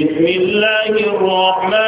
بسم الله الرحمن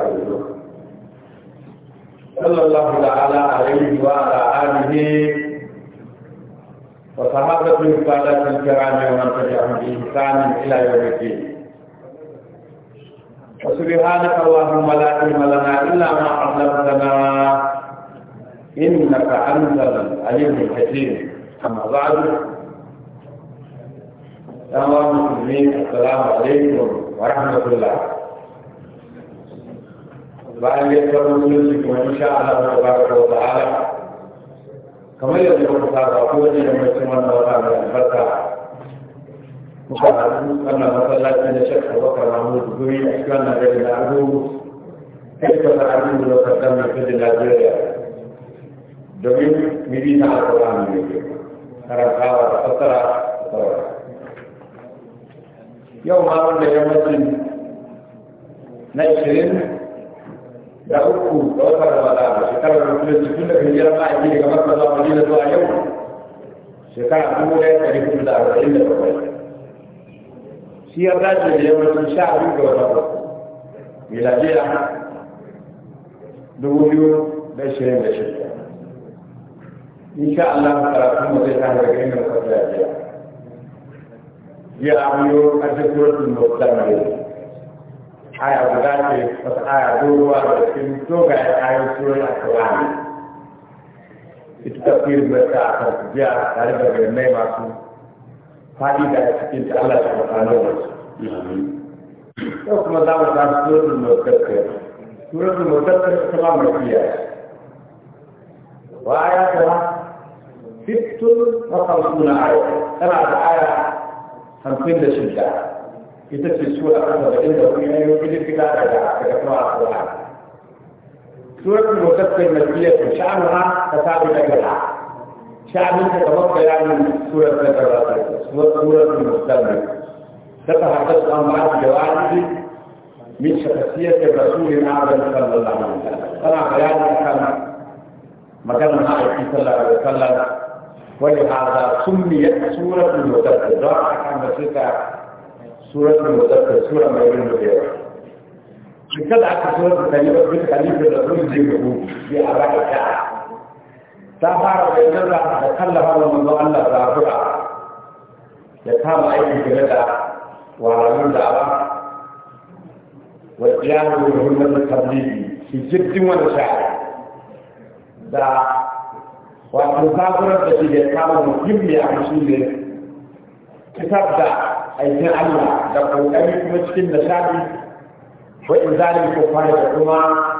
صلى الله تعالى عليه وعلى آله وصحابته السادات الكرام ومن تبعهم بإحسان إلى يوم الدين وسبحانك اللهم لا علم لنا إلا ما علمتنا إنك أنت العليم الحكيم أما بعد يا الله المسلمين السلام عليكم ورحمة الله bayan ya bar musulunci kuma insha Allah tabaraka wa ta'ala kamar yadda muka saba ko wani da mutum wannan wata mai albarka muka haɗu wannan masallaci na Sheikh Abubakar Mahmud Guri a cikin wannan gari na Abu Aikata abin da lokacin da mai fi da Najeriya domin miri na alƙur'ani ne ke karantawa da fassara da sauran yau ma wanda yammacin na 20 da un punto, uku ga wata di shekarar da kuma tun da kan jira ma'a ne kamar maza madina zuwa yau shekara dubu ɗaya ɗari hudu da arba'in da bakwai shi ya dace da yawancin sha biyu ga la uku miladiya dubu biyu da shirin da shida insha Allah karatun mu zai tana daga inda muka tsaya jiya jiya an yi ƙarfi suratul mutamari aya guda ce wata aya doguwa da cikin dogayen ayon surar alkur'ani ita tafiyar mai ta a kan jiya tare da bayanai masu faɗi da cikin ta Allah ta mutane wasu yau kuma za mu samu suratul mutakkir suratul ta ita ma makiya wa aya ta sittun wa kamsuna aya tana da aya hamsin da shida kita ita ce sura ta saba'in da kuma yayin gidi fita daga daga kuma alƙur'ani suratul mutassil makkiyatu sha'anuha tasabi daga itu ta kamar bayanin surar da ta rasa suratul mutassil تتحدث عن بعض جوانب من شخصية الرسول الأعظم صلى الله عليه وسلم طبعا بيان كان مكان النبي صلى الله عليه وسلم ولهذا سميت سورة المتفرع كان بسيطة suratul mudaththir sura mai girma da yawa in kada aka suratul talibat bin khalifa da sun je ga hu bi araka ta ta fara bayyana da kallafa wa manzo Allah zafira da kama aiki game da wa'alun shi jirgin wani التبليغ Da جد ونشاء da shi تنظر kama يتعامل مهم shi ne kitab da. aikin Allah da kokari kuma cikin nishadi ko in zalim ko fara da kuma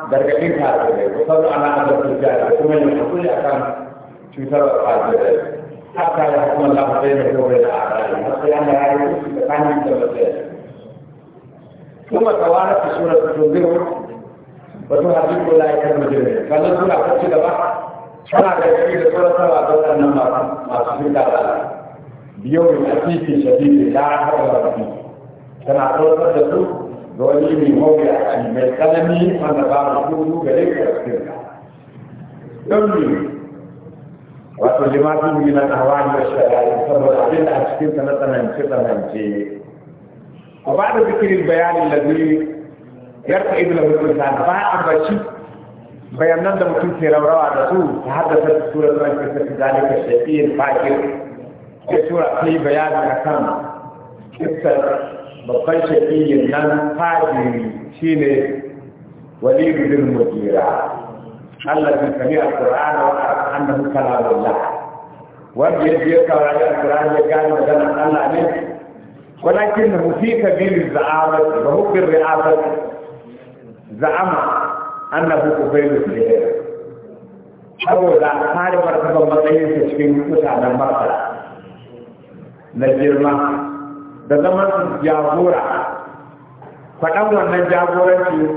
gargadin kafirai ko sabu ana azabtar jari kuma ne hakuri akan cutar kafirai hatta ya kuma Allah bai da kowa da arari sai Allah ya yi su da kanin da mutum kuma tawara ta sura ta tunziru wato hadisu la yakar mujrim kallon sura ta ci gaba tana da shi da sura ta wa da nan ma masu da Allah بيوم العتيق شديد لا حول فيه كما قلت تقول دولي من موقع الملكلمي أن بعض كله غير تفسيرها دولي وتلمات من الأهوال والشرائع صبر علينا أشكين سنة سنة وبعد ذكر البيان الذي يرتعد له الإنسان فأنا أبشر بيان لم تكن في روعة رسول تحدثت سورة من في ذلك الشيخين فاكر ya tura ta yi bayani a kan iskar babban shafiyin nan fajiri shi ne walidu bin mujira Allah bin kami a Qur'ana wa annahu kalamullah wanda ya je kawai a Qur'an ya gane magana Allah ne walakin fi kabilin za'amat wa hubbin ri'afat za'ama annahu kubayru sihir saboda kare martaban matsayin sa cikin mutanen martaba na girma da zaman su jagora faɗan wannan jagoranci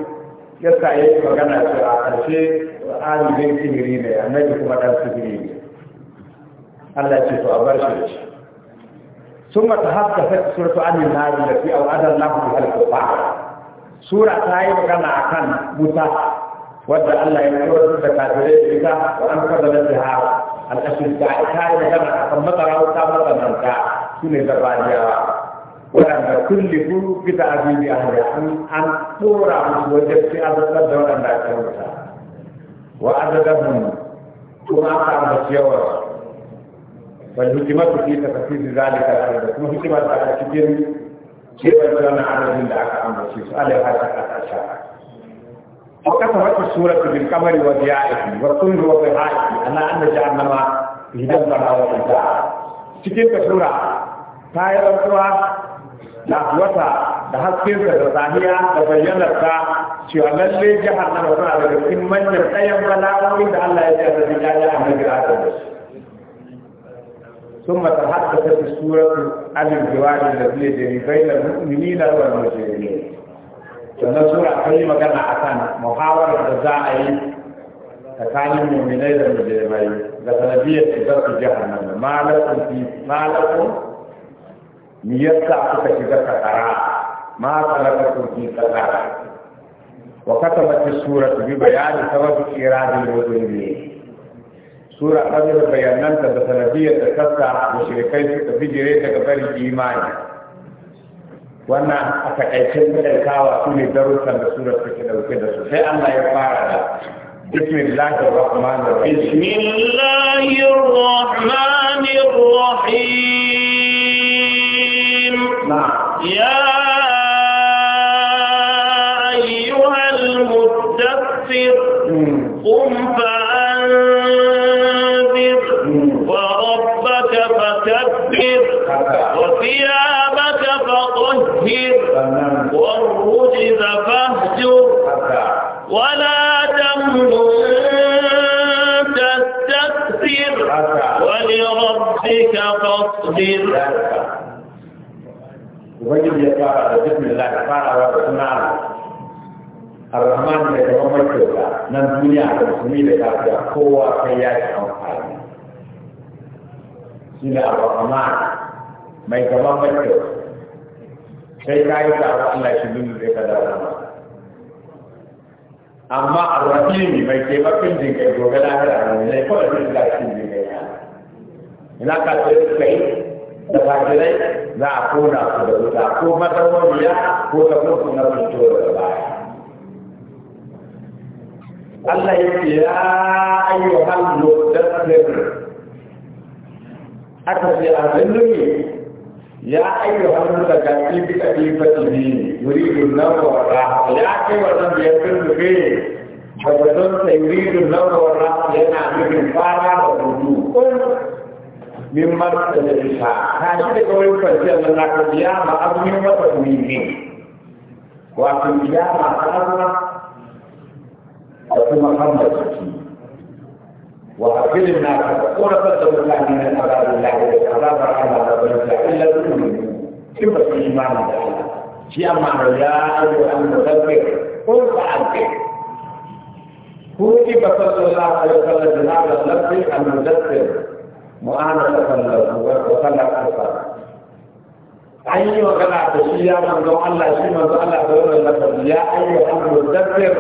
ya sa ya yi magana cewa a ƙarshe alibin sihiri ne annabi kuma ɗan sihiri ne Allah ce to a bar shi da shi sun mata haska sai suratu amin nari da fi au adan lahu bi alkufa sura ta yi magana a kan wuta wadda Allah ya kawo da kafirai da ita wa an kaza da sahara alƙashirka a tare da zama a kan matsarauta matsananta su ne zabaniyawa waɗanda kulli ku a azibi a hanyar an tsora musu wajen sai zartar da waɗanda ake wuta wa azabahun kuma aka ambaci su wal ta fi tafsir zalika al da kuma hikimar ta cikin cewa wannan adadin da aka ambace su alai hada ta وكثرت السورة بالقمر وضيائه والكل وضحائه أنا أن جهنم لدمرها وإبداعها cikin ta sura ta yi rantsuwa da wata da haskinsa da zaniya da bayyanarta cewa lalle jihar nan wata da cikin manyan tsayan bala'o'i da Allah ya ce da bin yaya a mai gira da sun mata haddasa ta suratu alin jiwarin da zai jiri bai na sannan sura ta yi magana a kan muhawarar da za a yi tsakanin muminai da mujirmai da sanadiyar shigar su jahannama malakun fi malakun mi yasa kuka shiga kakara ma salakakun fi kakara wa katamati suratu bi bayani sababi iradin wuzuri sura ta bayananta da sanadiyar da kasa mushrikai suka bijire daga bari imani wannan a takaicin kawa su ne darussan da surar suke dauke da su sai Allah ya fara da bismillahir rahmanir rahim bismillahir rahmanir rahim ya ayyuhal muddathir qum fa ubangiji ya fara da bismillah da farawa da suna arrahman da kuma mai kyauta nan duniya da musulmi da kafiya kowa sai ya ci amfani shi ne arrahman mai gaban mai kyauta sai ka yi taron Allah shi lullu zai kada rama amma arrahimi mai taimakon jinkai gobe lahira ne kawai zai da shi jinkai ina ka sai da fajirai za a kona su da wuta ko madawwamiya ko ta mutu na fito da baya Allah ya ce ya ayyuhal muddathir aka ce a zillumi ya ayyuhal muddathir bi kadifati bi yuridu an-nawma wa raha ya kai wannan biyar din da ba don sai yuridu an-nawma wa raha yana nufin fara da hudu min mata da isa na shi da kawai kwanciyar da na kabiya ma azumin wata muhimmi wato biya ma Allah da kuma hamar jiki wa hakilin na ka korafar da mutane na azabar lahi da azabar Allah da barka illa su ne shi ba su imani da Allah shi amma ya ayo an mutabbi ko ba ake ko ki ba sallallahu alaihi wa sallam da na da lafi an mutabbi mu'amala sallallahu wa sallam alfa an yi magana da shi ya manzo Allah shi manzo Allah da wannan lafazi ya ayyuka al-mudabbir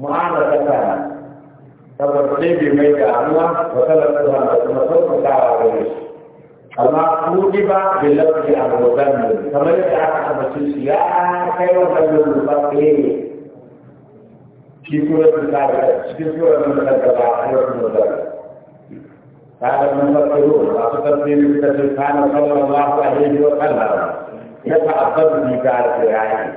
mu'amala sallallahu saboda dai bai mai da hannuwa wa sallam alfa da kuma sauƙaƙa da shi amma kudi ba bai lafi a mudabbir kamar yadda aka ambace shi ya kai wannan mudabbir في سورة الكافر في سورة المتكبر على الرسول قال المفكرون خاصة في مثل كان صلى الله عليه وسلم يفعل الضبط في كارثة العين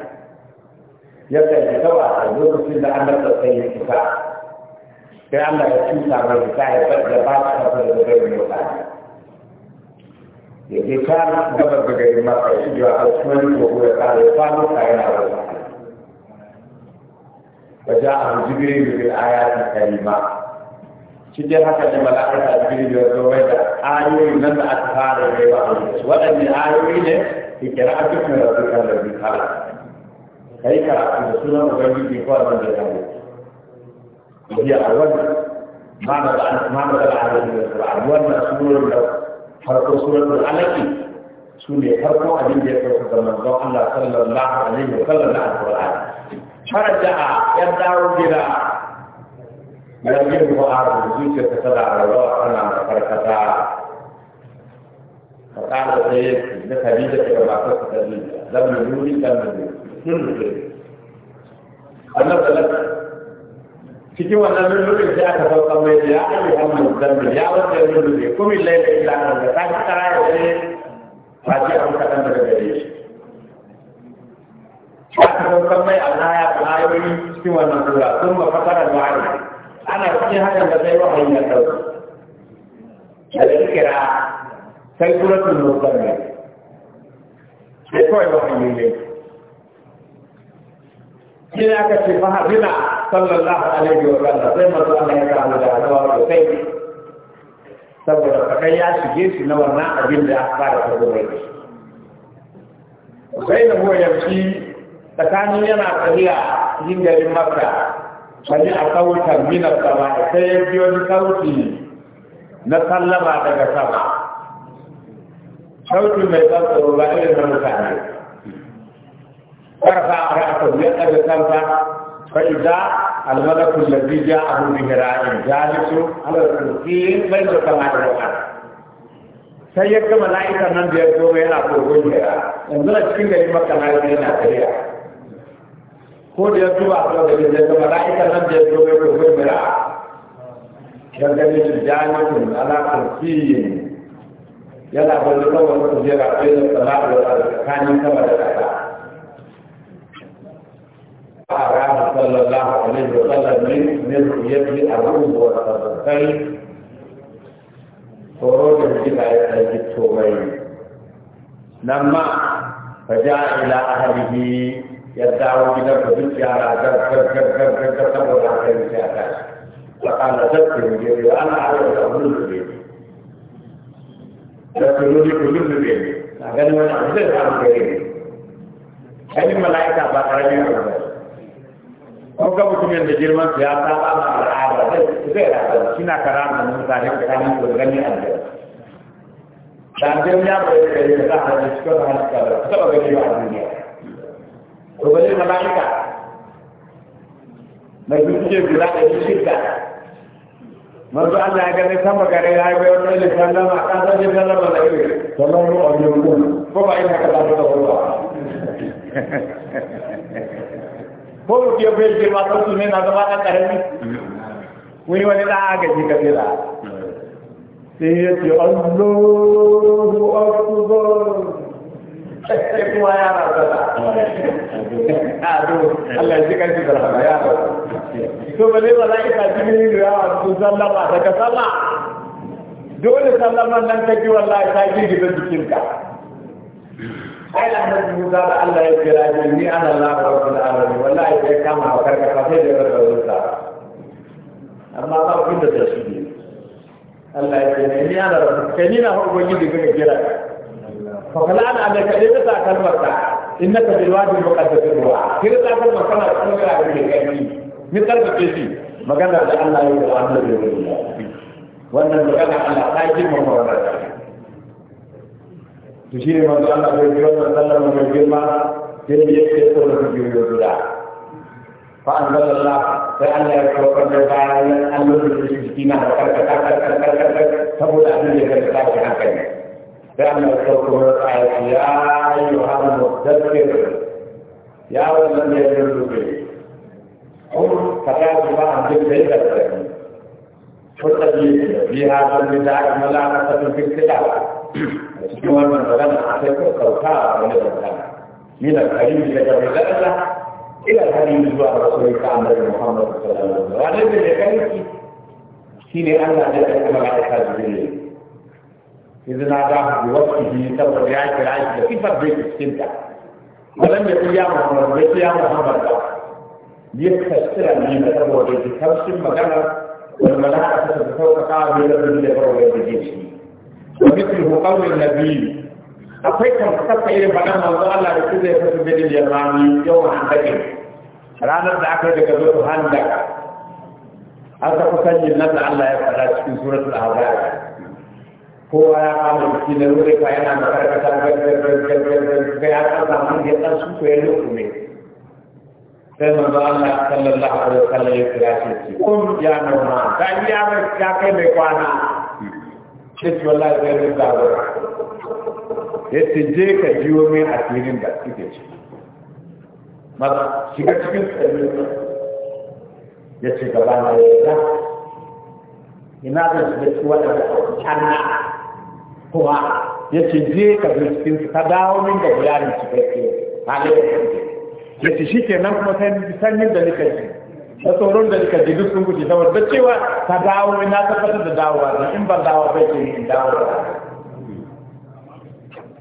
يبدأ يتوقع في الأمر السيد الكفاح كأن يشوف عن الكفاح يبدأ بعض خطر غير المكان يجي كان قبل بغير المكان يجي على الشمال وهو قال يصاب فإن على الصحيح وجاءه جبريل بالآيات الكريمات cikin haka ne mala'ika biyu da zowai da ayoyi nan da aka fara yi wa waɗanne ayoyi ne ke kira a cikin rasu kan da bikala kai karatu da sunan ubangiji ko a da yabo biya a wannan mana da mana da al'adun da qur'an wannan sunan da farko sunan da alaki su ne farko abin da ya farko da manzon Allah sallallahu alaihi wa sallam da alqur'ani faraja ya dawo gida لكن معاذ زوجة تطلع الله أنا فركتا فقال سيد ابن خديجة كما قلت خديجة لم يجوني لم يجوني أنا ثلاثة cikin wannan lullubin sai aka sauka mai da ya ɗari hannun zambi ya wanda ya lullube kuma ilai da ila nan da ta kara ya ce ba ce an kaɗan daga gare shi aka sauka mai a naya da ayoyi cikin wannan sura sun ba fasara da wa'ayi ana cikin hakan da zai wahayi ya ɗauka daga kira sai kura suratul ne sai kawai wahayi ne shi ne aka ce fahabina sallallahu alaihi wa sallam sai masu Allah ya kama da adawa sosai saboda kakai ya shige shi na wannan abin da aka fara tabbata da shi sai da huwa yanki tsakanin yana tafiya yin garin makka sani a sautar minar sama sai ya biyo ni sauti na sallama daga sama sauti mai ban tsoro ba irin na mutane karfa a ra'akun ya ɗaga kansa fa'ida almalakun lalzi ja a rubin ra'ayin jalisu alarkuki mai da sama da wakar sai ya gama la'ikan nan da ya zo mai yana kogon yara yanzu na cikin gari makana yana kariya ko da ya duba a kan gari zai gaba ra'ayi nan da ya zo mai kai kai mira yan gani da jami'in ala kurfiyin yana bari kawai mutum zai rafe da tsara da tsakanin kama da kasa a ranar sallallahu alaihi wa sallam ne ne ya fi abubuwa da tsarkai tsoro da jika ya tsarki tsomai nan ma fa ja ila ahalihi ya dawo gidan gar-gar-gar gargargargar saboda haka yi sai a tashi tsakanin zarfin gere ana haɗa da abin da ne da tsoro ne kullum da ne a ganin wani abu zai samu gare ne ganin mala'ika ba ƙarami a ba ko ga mutumin da girman su ya saba ma al'ada zai zai rasa shi na karanta mun zane tsakanin su gani a da da ya bai da ya sa a cikin halitta ta ba gani ba a duniya to ba zai mala'ika na zuciya guda da shirka manzo Allah ya gane sama gare ya yi bayan wani sallama a kasar shi sallama da iri sallan ruwa biyu ko ba ina ka da kowa ko mu ke bai girma ko su ne na zama ɗan ni? wani wani za a ji ka tsira sai ya Allahu Akbar ya kuma ya rasa ado Allah ya ji karfi da rahama ya rasa to ba ne zai bala ita jini da yawa sun sallama daga sama dole sallama nan ta ji wallahi ta girgiza jikinka ai annabi Musa da Allah ya kira ni ni ana Allah rabbul alamin wallahi sai kama wa karka fa sai da rabbul sa amma ba kun da shi Allah ya kira ni ana rabbul kai ni na hawo gidi ga kira fakala ana da kaɗai ta sa kalmar ka in naka bil wadi muqaddas ruwa kira ta kalmar kana cikin da ke kai ni karfafe shi magana da Allah ya yi wa Allah ya wannan magana Allah ta ji mu magana to shi ne manzo Allah bai yi wannan sallar mai girma sai ya ce ko da biyo guda fa anzalallah sai Allah ya saukar da bayan Allah hankali كان يقولكم يا أيها المدثر يا من يجوز به قل فقال الله عن جد إذا فالتجيب في هذا النداء ملعنة في الكتاب شنو من بلغنا عليك القوكاء من الإنسان من الكريم إلى الله إلى الكريم إلى رسولك عن محمد صلى الله عليه وسلم وعلى ذلك شيني أنا أجل أن أكون على هذا إذ ناداه بوصفه سبب يعيش العيش كيف بيت السنة ولم يقل يا محمد بيت يا محمد يكسر من سبب بيت كبش مجرد والملائكة تتفوق قاعدة من سبب بيت ومثله قول النبي أفكر فقط إلى بنام الله الله يقول لي فسد اليماني يوم عندك رانا دعك لك ذو هندك أنت فسجل نزع الله يفعل في سورة الأعراف kowa ya kama jiki da rure ka yana da karkata ga ya kasa man ya dan su ko ya lukume sai manzo Allah sallallahu alaihi wasallam ya kira shi kun ya noma dan ya ba ya kai mai kwana shi wallahi zai rinka ba yace je ka jiwo min asirin da kike ciki maza shiga cikin tsarin ya ce gaba na yadda ina zan shiga cikin waɗanda kowa ya ce je ka cikin su ka dawo min da bayanin su kai ke halin da kake ya ce shi ke nan kuma sanyin da nika ji da tsoron da nika ji duk sun guji saboda da cewa ka dawo min na tabbatar da dawowa da in ban dawo bai ke yi dawo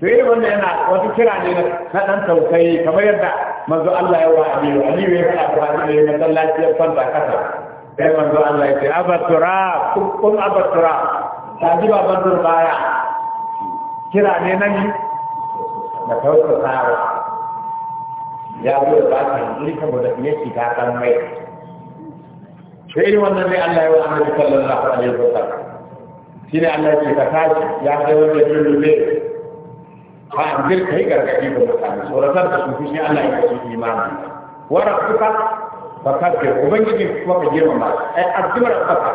to yi wanda yana wata kira ne na ɗan tausayi kamar yadda manzo Allah ya wa Aliyu Aliyu ya faɗa ko Aliyu ya masallaci ya kwanta kasa sai manzo Allah ya ce abatura kun abatura ta ji baban baya kira ne na ni na tsara ya zo da yi ta hankali saboda ya ta kan mai sai wannan ne Allah ya wa annabi sallallahu alaihi wasallam shine Allah ya ka tashi ya kai wanda ya lulube fa anzir kai gargadi ga mutane tsoratar da su shi Allah ya kashi imani wa rabbuka fa kabbir ubangiji kuma ka girmama ai addu'ar rabbuka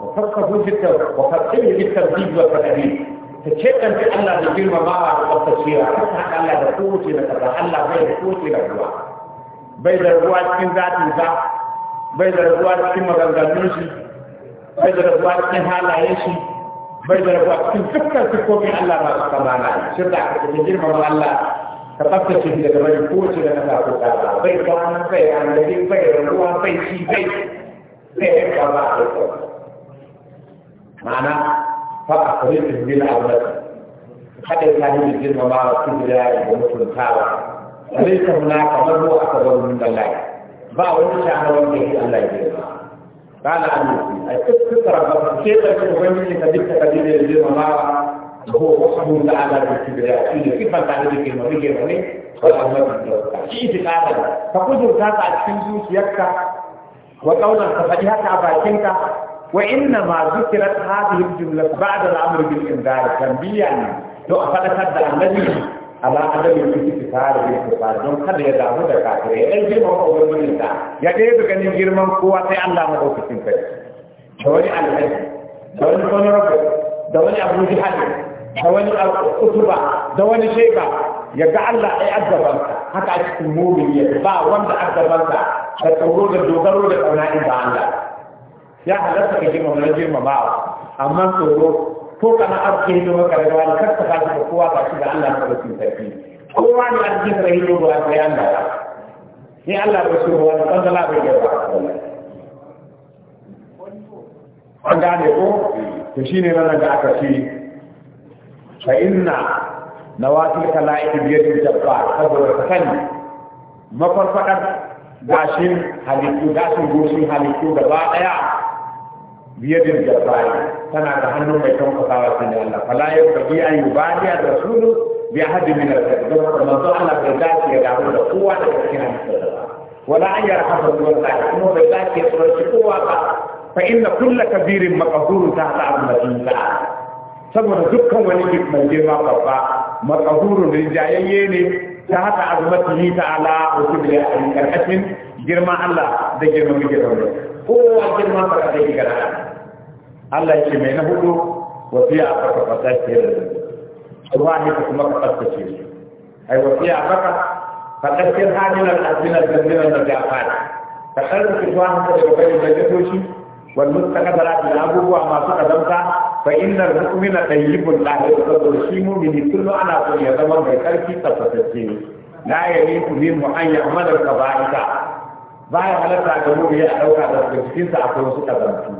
wa fakkahu fi tawhid wa fakkahu fi tawhid wa tadbir تتشكل في الله في المظاهر والتصوير حتى الله تقوت إلى كذا الله بين قوت إلى كذا بين الرواد كن ذات نزاع بين الرواد كن مغلغل نوشي بين الرواد كن هالا يشي بين الرواد كن فكر في قوت الله رأس طبعنا شرع تجير مظاهر الله تقفت شهيدة بين قوت إلى كذا كذا بين قوانا بين عمدين بين الرواد بين شي بين بين كذا معنى فأخرج من عورته حتى يتعلم الجن مع الكبرياء ومثل فليس هناك من هو أكبر من الله بعض الشعب وجهه الله يجيبه قال عن افترى كيف تبين كذبت كبير الجن مع هو وحده تعالى بالكبرياء كيف تعلم الكلمة بجمعه shi itikadan ka kudurta ta a cikin zuciyarka wa kaunar ka faɗi haka a bakinka وإنما ذكرت هذه الجملة بعد الأمر بالإنذار تنبيا لو أفلتت النبي على عدم الاستكثار بالاستكثار don kada ya damu da kafirai ya girman ubangijin ta ya dai daga ganin girman kowa sai Allah madaukakin kai da wani alhaji da wani honorable da wani abu da wani kutuba da wani sheka ya ga Allah ai azzaban haka a cikin mu'min ba wanda azzaban tsoro da dogaro da kauna in ba Allah ya halatta ka girma na girmamawa amma tsoro ko kana arziki ne maka da wani karka ka shi da kowa ba shi da Allah ta rufe sarki kowa ne arziki da hido ba ta yanda ba ni Allah ba shi ruwa kan da bai da ba an gane ko to shi ne nan da aka ce fa inna nawatil kala'i bi yadin jabbar saboda ka sani mafarfadar gashin halittu gashin goshin halittu gaba daya biyadin jabbari tana da hannu mai kamfasawa sun da Allah fala yau ka bi ayu badiya da sulu bi ahadi min al-kadhib da manzo Allah bai dace ya dawo da kowa da cikin wala an yarhamu wallahi kuma kabirin saboda dukkan wani mai girma babba maqhurun rijayayye ne ta haka azumatihi ta'ala wa kulli karkashin girma Allah da girma girma kowa girma fara da gara Allah ce mai na hudu wasiya a farka fasa ke da ruwa ne ka kuma ka tsaftace su ai wasiya a farka fadaskiyar hamilar azinar zanzirar da fara. ka tsarki tuwa hanta daga bayan da jatoshi ta mustaqbala da abubuwa masu kadamta fa innal mu'mina tayyibun la yaqbalu shi mu'mini kullu ana so ya zama mai karfi tsaftatacce la yaliku bi mu an ya'mala kabaika Ba ya halatta ga mu ya dauka da daga cikin sa akwai wasu kazantu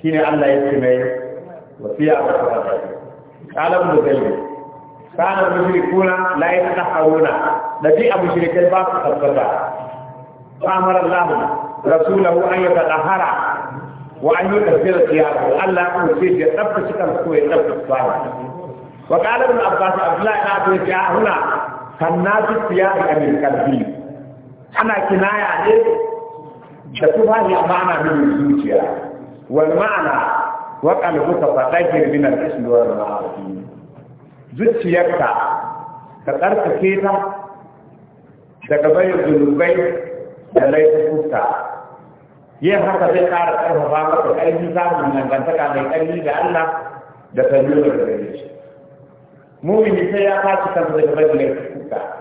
shine Allah ya ce mai wasiya ga kafara qala ibn zayd kana mushrikuna la yatahawuna da bi abu shirkai ba su tabbata amara Allah rasulahu an yatahara wa an yukafira siyahu Allah ko ce ya tsaftace kan ko ya tsaftace ba wa qala ibn abbas abdullah ibn abbas ya huna kannatu siyahu min qalbi ana kinaya ne da tufafi amma ana nuna zuciya wal ma'ana wa qalbuka fatahir min al-ismi wal ma'asi zuciyarka ka tsarkake ta daga bayan zunubai da laifuka yin haka zai ƙara ƙarfafa maka ƙarfi samun dangantaka mai ƙarfi da Allah da tanyuwar da shi mumini sai ya fashi kansa daga bayan laifuka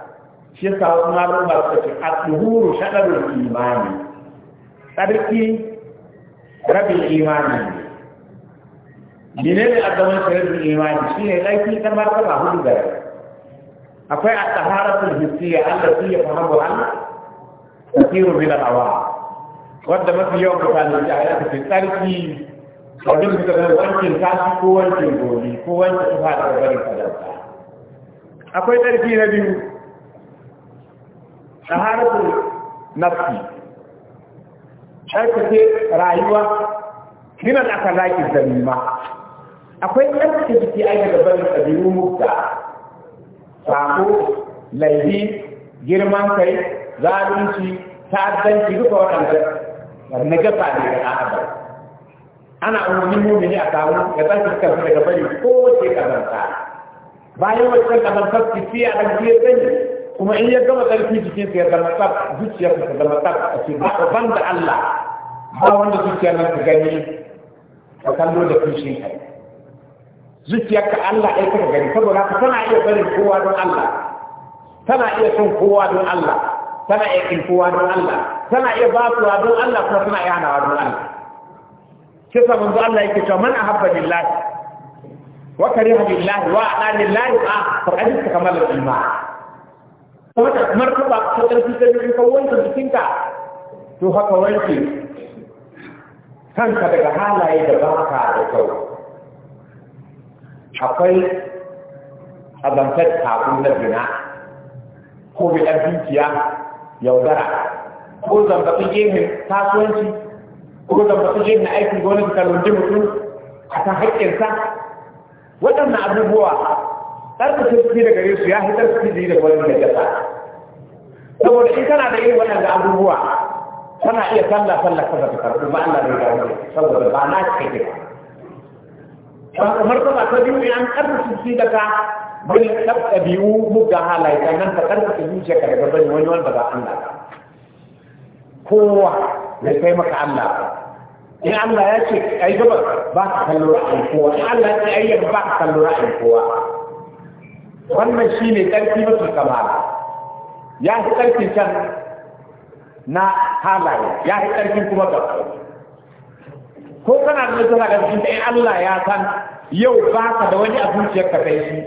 shi yasa wasu malamin ba su ce a tsuhuru shadarul imani tsarki rabin imani ne ne ne a zaman rabin imani shi ne ɗan ta ba hudu da akwai at-taharatul hissiya allati yafhamu al-kathiru bi al-awam wadda mafi yawan mutane da ya fi tsarki a duk da zai wankin tashi ko wankin gobe ko wankin tufa da barin akwai tsarki na biyu ɗaharatu nafsi ce rayuwa liman aka laƙi zalima akwai tsarkake jiki ake da barin ɗabi'u mukta sako laifi girman kai zalunci ta'addanci duka waɗanda na gaba ne ga ɗan ana umarnin mumini a samu ya tsarkake kansa daga bari kowace ƙazanta bayan wancan ƙazantar su fiye a ɗan biyar sanyi. kuma in ya gama tsarki jikin ya zama tsaf zuciyar ta zama tsaf a ce ba ban da Allah ba wanda zuciyar nan ta gani ka kallo da kushin kai zuciyar ka Allah ɗaya ka gani saboda haka tana iya barin kowa don Allah tana iya son kowa don Allah tana iya kin kowa don Allah tana iya basuwa don Allah kuma tana iya hanawa don Allah sai sa manzo Allah yake cewa man ahabba lillahi wa kariha lillahi wa ana lillahi fa faqad istakmala kamar iman wata martaba ta ƙarfi ta biyu ka wanke jikinka to haka wanke kanka daga halaye da baka da kyau akwai abantar kafin na zina ko biɗar dukiya yaudara ko zambatun gemin kasuwanci ko zambatun gemin aikin gwamnati kalundin mutum a ta haƙƙinsa waɗannan abubuwa tsarkake da daga Yesu ya fi tsarkake da yi daga wani najasa saboda in kana da irin wannan abubuwa tana iya sallah sallah kasa ta karɓi ba Allah da ya gawo saboda ba na ce. ke ba kamar ba ta biyu in an karɓi su da ka bin ɗabi'u muga halaye sannan ka karɓi zuciyarka daga bani wani wanda ba Allah ba kowa ya kai maka Allah in Allah ya ce ai gaba ba ka kallon ra'ayin kowa in Allah ya ce ai ba ka kallon ra'ayin kowa wannan shi ne ƙarfi mafi kamala ya fi ƙarfi can na halaye ya fi ƙarfi kuma ga ko kana da nasara ga cikin ɗayan Allah ya san yau ba ka da wani abin da ka kai shi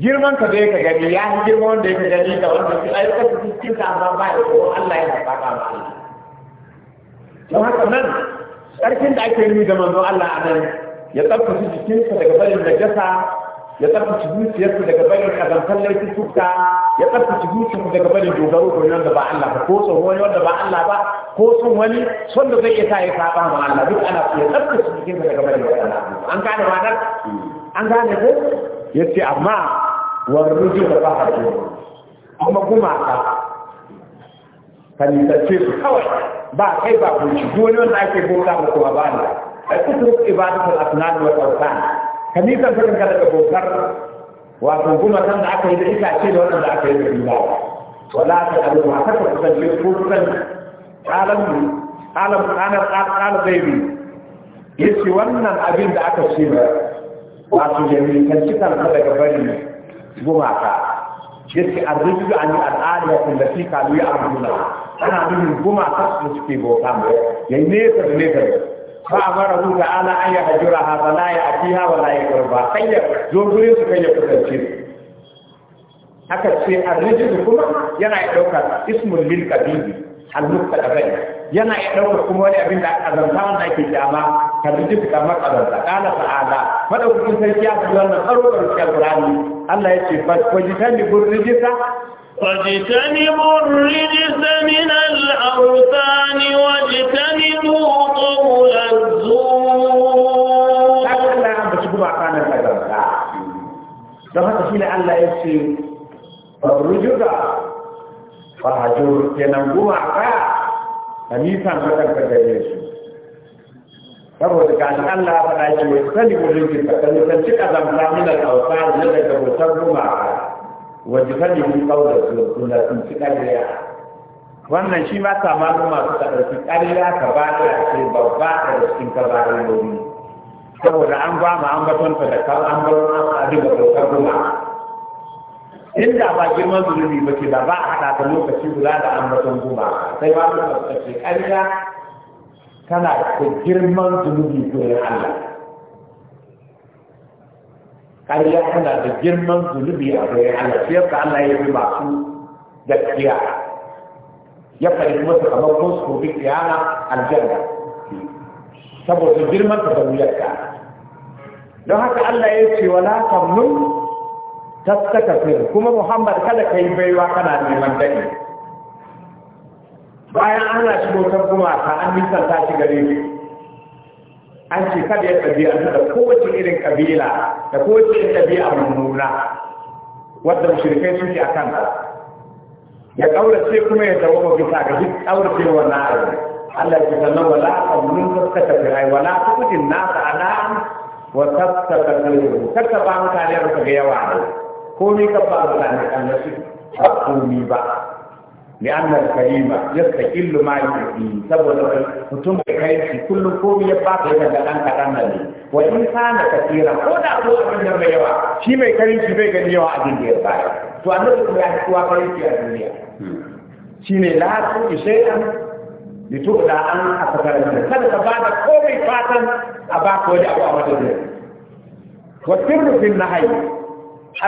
girman ka da ya ka gani ya fi girman wanda ya ka gani da wanda shi ayyuka cikin ka amma ba ya ko Allah ya ba ka don haka nan ƙarfin da ake yi da manzo Allah a nan ya tsaftace jikinsa daga barin najasa ya tsarkace zuciyarku daga bayan kazantar laifin tuka ya tsarkace zuciyarku daga bayan dogaro ko wanda ba Allah ba ko son wani wanda ba Allah ba ko son wani son da zai iya sa ya saba ma Allah duk ana ya tsarkace zuciyarku daga bayan Allah an gane ma nan an gane ko yace amma warruji da ba ha kuma kuma ka kalitacce su kawai ba kai ba kunci wani wanda ake bota ba kuma ba Allah a cikin ibadatul asnad wal awsan ka miƙa sanin ka daga bautar wato kuma kan da aka yi da itace da wannan da aka yi da riba wala ta alu ma ta ka kusance ko kusan alam alam anar al gaibi yace wannan abin da aka ce ba wato ya miƙa cikin ka daga bari gumaka yace arzuju an yi al'ada da fi kalu ya abuna ana nuna gumaka su suke bauta mai yayi ne ta ne ta Ba a fa amarahu ana an yahjuraha fa la a wa la yaqrabu kai ya zo gurin su kan yi kusance haka sai arrijin kuma yana ya dauka ismul lil kabibi al mustaqbal yana ya dauka kuma wani abin da azanta wanda ake jama su kamar azanta qala sa'ada madaukakin sarki ya fi wannan tsarukar alqur'ani Allah ya ce fa wajitani gurrijisa واجتنبوا الرجس من الأوثان واجتنبوا don haka shi ne Allah ya ce rujuga fahajur kenan gumaka a nisan matanka gare su saboda ga Allah faɗa ce wai sani gudun ki ka nisanci kazanta min al-awsa da daga bautar gumaka wajen sani mun kaula su na sun ci kariya wannan shi ma kamarin masu ka ɗauki ƙarya ka ba ta ce babba da cikin kabarin gobe saboda an ba an batonta da kan an bar a riba kyautar goma inda ba girman zunubi ba ce da ba a haɗa ta lokaci guda da an baton goma sai ba mu ɗaukace ƙarya tana da girman zunubi gurin Allah ƙarya tana da girman zunubi a gurin Allah sai ka Allah ya yi masu gaskiya ya faɗi kuma sakamakon su gobe kiyama aljanna saboda girman ka da ka don haka Allah ya ce wala tamnun tastakafir kuma Muhammad kada kai baiwa kana neman daɗi. bayan ana shi kuma ka an nisanta shi gare shi an ce kada ya an da kowace irin kabila da kowace irin ɗabi'a mummuna wadda mushrikai suke a kanta ya kaurace kuma ya tawo bisa ga duk kaurace wannan abu Allah ya sanna wala amnun tasaka firai wala tukudin nasa ala wa tasaka kalbu kaka ba mutane ba ga yawa ko ni ka ba ne kan nasu ba ni ba لأن الكريم ma ما yi saboda mutum da kai shi kullum komai ya fata yana da ɗan kaɗan nan ne wa in kana ko da ko abin da mai yawa shi mai karin shi bai gani yawa a da ya bayar to annabi kuma ya kowa farin ciki a duniya shine la tu shay'an li da an asfara kada ka bada komai fatan a ba ko da abu a madadin wa sirru fil nahyi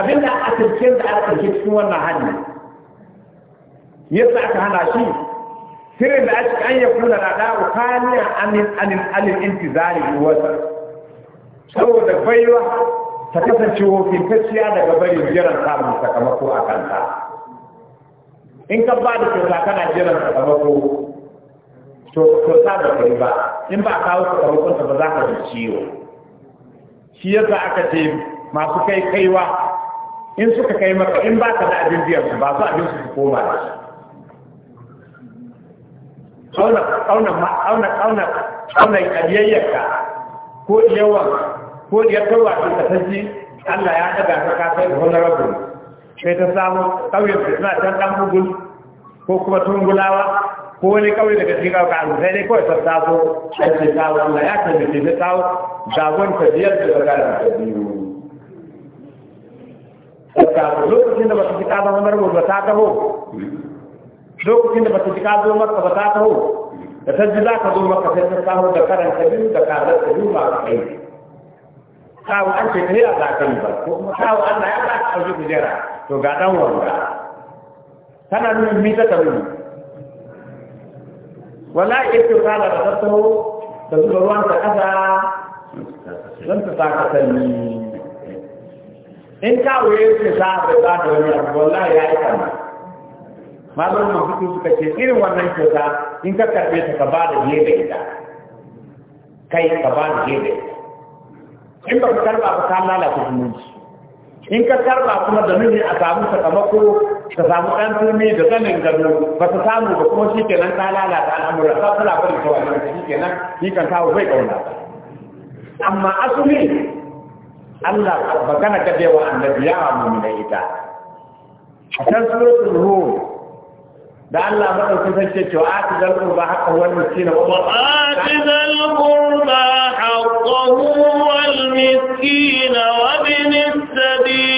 abinda a cikin da aka cikin cikin wannan hali yasa aka hana shi sirrin da aka an ya kula da dawo kaniya anin anin alil intizari wa saboda baiwa ta kasance wakiltacciya daga barin jiran samun sakamako a kanta in ka ba da kyauta kana jiran sakamako to kyauta da ka ba in ba kawo sakamakon ta ba za ka ji ciwo shi yasa aka ce masu kai kaiwa in suka kai maka in ba ka da abin biyan su ba su abin su koma da shi auna auna auna auna auna ko yawan ko da ya kawo ta kasance Allah ya daga ta ka kai rabu. sai ta samu kawai da suna can dan bugul ko kuma tungulawa ko wani kawai daga cikin kauka an sai dai kawai ta taso sai ta tawo Allah ya taimake ta tawo dagon ta biyar da daga ta biyu lokacin da ba su ji kaza honorable ba ta taho lokacin da ba su ji kaza maka ba ta taho da ta ji za ka zo maka sai ta taho da karanta biyu da karanta biyu ba ka kai kawo an ce kai a zakan ba ko kuma kawo na ya ba ka ɗauki kujera to ga ɗan wanda tana nuna mi ta tabu wala ce ta da tattaro da zuba ruwan ta ƙasa don ta saka sanyi in kawo ya ce sa da ba da wani abu wallahi ya yi kama malamin mafi suka ce irin wannan kyauta in ka karɓe ta ka ba da biye da ita kai ka ba da biye da ita in ba ka karba ba ka lalata zumunci in ka karba kuma da nuni a samu sakamako ka samu ɗan turmi da zanin gado ba ta samu ba kuma shi kenan ka lalata al'amura ka kula ba da kawai shi kenan yi kan kawo bai kauna amma asumi Allah ba ka da annabiya wa mu ne ita a can suratul rum da Allah madaukin sarki cewa ati qurba haqqan wal miskin wa ati qurba haqqahu wal miskin wa ibn as-sabil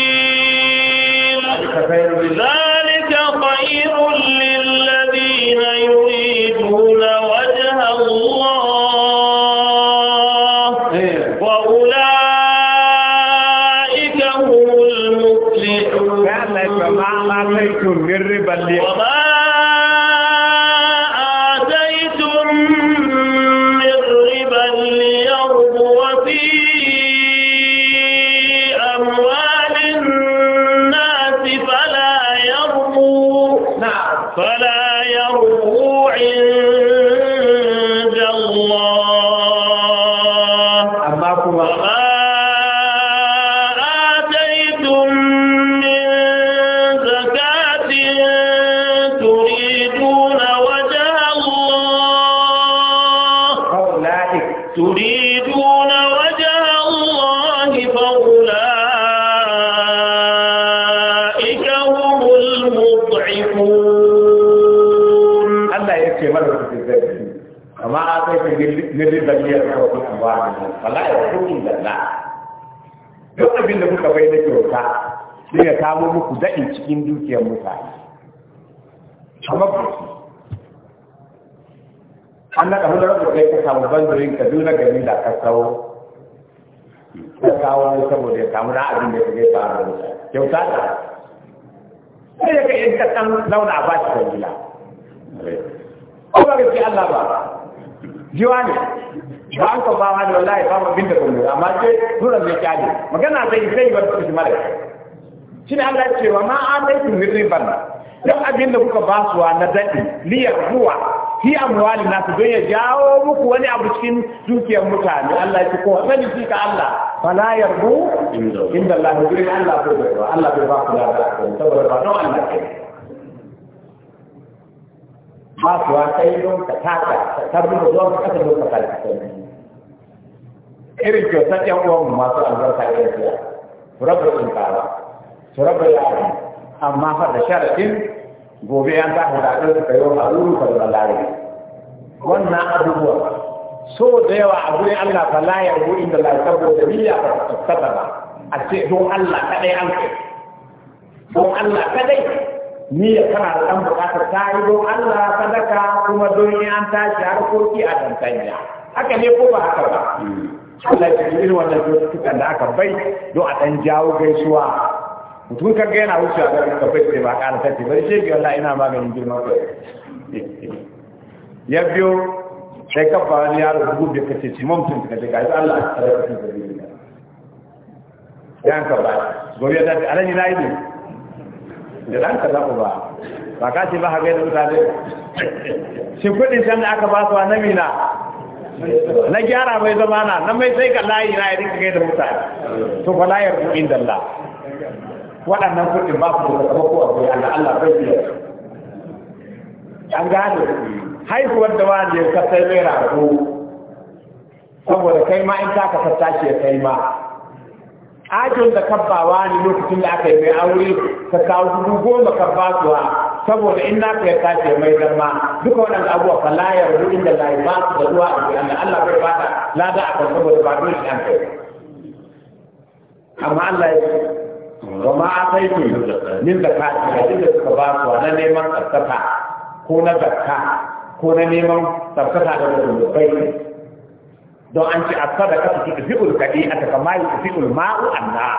suka bai da kyauta sai ya samu muku daɗin cikin dukiyar mutane amma an naɗa hular da kai ka samu banzurin kaduna gari da ka kawo ka kawo saboda ya samu na abin da zai faru da kyauta ta sai ya kai ka san launa a bashi kwangila ko ba ce Allah ba jiwa ne ba an ka fama da wallahi fama bin da kullu amma ce nuna mai kyale magana sai sai ba su mala shine Allah ya ce wa ma ataitu min riban duk abin da kuka basuwa na dadi liyar ruwa fi amwali na su don ya jawo muku wani abu cikin dukiyar mutane Allah ya ce ko sani shi ka Allah fala yarbu inda Allah ya gurin Allah ko da Allah bai ba ku da saboda ba don Allah ke ba su wa sai don ka taka ta tarbi da zuwa ka kasa don ka kalli irin kyautar yan uwan masu albarka da yadda su rabu tsinkawa su rabu yari amma har da sharaɗin gobe an ta hada ɗin yi wa a wurin kwallon lari wannan abubuwa so da yawa a gudun allah ta laye a gudun da la saboda niyya ba ta tsada ba a ce don allah kaɗai an kai don allah kaɗai niyya tana da ɗan buƙatar ta yi don allah sadaka kuma don an tashi harkoki a dantanya haka ne ko ba haka ba Allah ya irin wannan cututtukan da aka bai don a ɗan jawo gaisuwa mutum kan ga yana wuce a garin kafai sai ba ƙara tafi bari ce biyu Allah ina maganin girman kai ya biyo sai kafa wani yaro dubu biyu kace ci mamtun kace ga Allah a tsare ka da biyu yan ka ba gobe da alani na yi ne da dan ka za ku ba ba ka ce ba ha ga da mutane shin kuɗin san da aka ba su a namina na gyara mai zama na nan mai sai ka layi na ya kai da mutane to fa layar kuɗin da Allah waɗannan kuɗin ba su da ko a kai Allah Allah bai biya an gane haihuwar da wani ya ka sai mai rago saboda kai ma in ka ta tashi ya kai ma ajin da kabbawa ne lokacin da aka yi mai aure ka kawo dubu goma kabba saboda in naka ya tashi mai zama duka waɗanda abubuwa fa la rubu inda la ba su da zuwa a cikin Allah bai ba la da a kan saboda ba dole an kai amma Allah ya wa ma ataitu min nin da inda suka ba su na neman tsafta ko na zakka ko na neman tsafta da kai, don an ci a sadaka su tuɗi fi'ul kadi a takamai fi'ul ma'u anna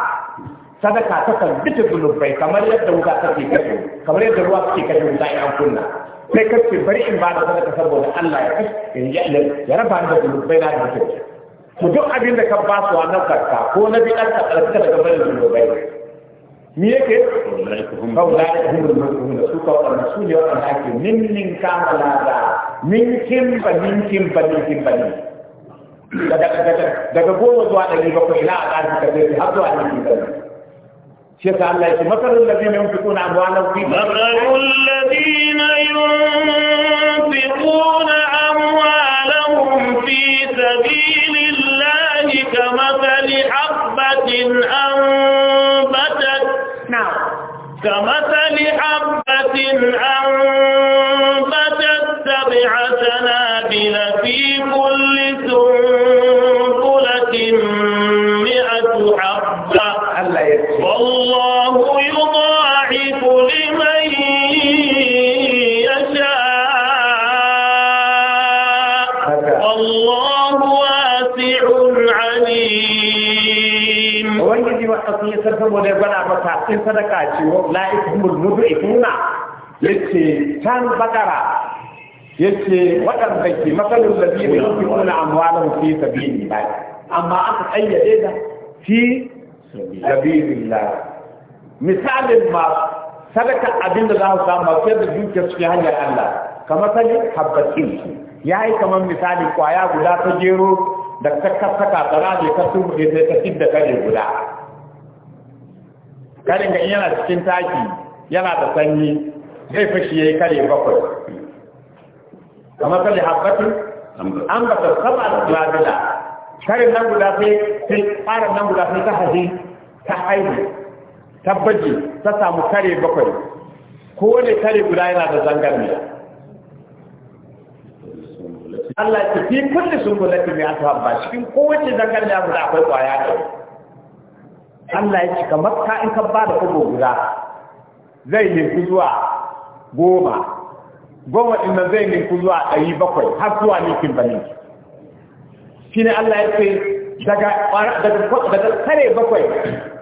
sadaka ta kan duka zunubai kamar yadda wuka ke kashe kamar yadda ruwa ke kashe wuta in an kunna sai ka ce bari in ba sadaka saboda Allah ya kashe ya raba da zunubai na da kashe to duk abin da ka ba su a nan karka ko na bi ɗanka ɗarka daga bari zunubai me yake kaula da humul mu'minuna su ka wannan su ne wannan ake minnin kamala da minkin ba minkin ba minkin ba minkin daga goma zuwa ɗari bakwai ila a ƙarfi ka zai har zuwa شيخ الله يقول مثل الذين ينفقون أموالهم في مثل الذين ينفقون أموالهم في سبيل الله كمثل حبة أنبتت نعم كمثل حبة أنبتت سبع سنابل في كل سنة saboda ya gwada maka in sadaka ce wa la'ikul mudrikuna yace tan bakara yace wadan ke masalin labiri su kuna fi sabili ba amma aka ayyade da fi sabili la misalin ma sadaka abin da za su samu sai da dukiya cikin hanyar Allah kamar sani habbatin yayi kamar misali kwaya guda ta jero da ta kasaka tsara ne ka tumbe sai ta fidda kare guda karin ga yana cikin taki yana da sanyi zai fashi ya yi kare bakwai kamar kalli haɓatu, an ba ta saba da tulabila karin nan guda sai sai fara nan guda sai ta haji ta haihu ta baje ta samu kare bakwai Ko wani kare guda yana da zangar ne Allah ya fi kulli sun gulati mai atuwa ba cikin kowace zangar ne guda akwai ƙwaya ɗaya Allah ya ce kamar ka in ka ba da ugo guda zai ninku zuwa goma goma din nan zai ninku zuwa ɗari bakwai har zuwa nikin bane shi ne Allah ya ce daga kare bakwai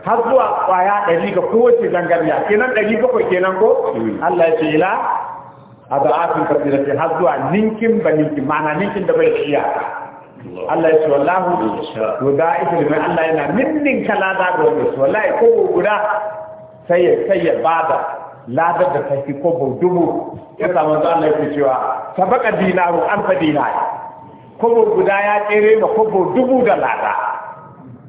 har zuwa kwaya ɗari ga kowace zangarniya kenan ɗari bakwai kenan ko Allah ya ce ila a da afin kasirar har zuwa ninkin ba ninkin ma'ana ninkin da bai iya Allah ya ce wallahu guda ita da Allah yana minnin ka lada ga wanda su wallahi ko guda sai ya sai ya bada lada da kai ko bau dubu ya samu da Allah ya cewa sabaka dinaru an fa dinari kobo guda ya tsere ma kobo dubu da lada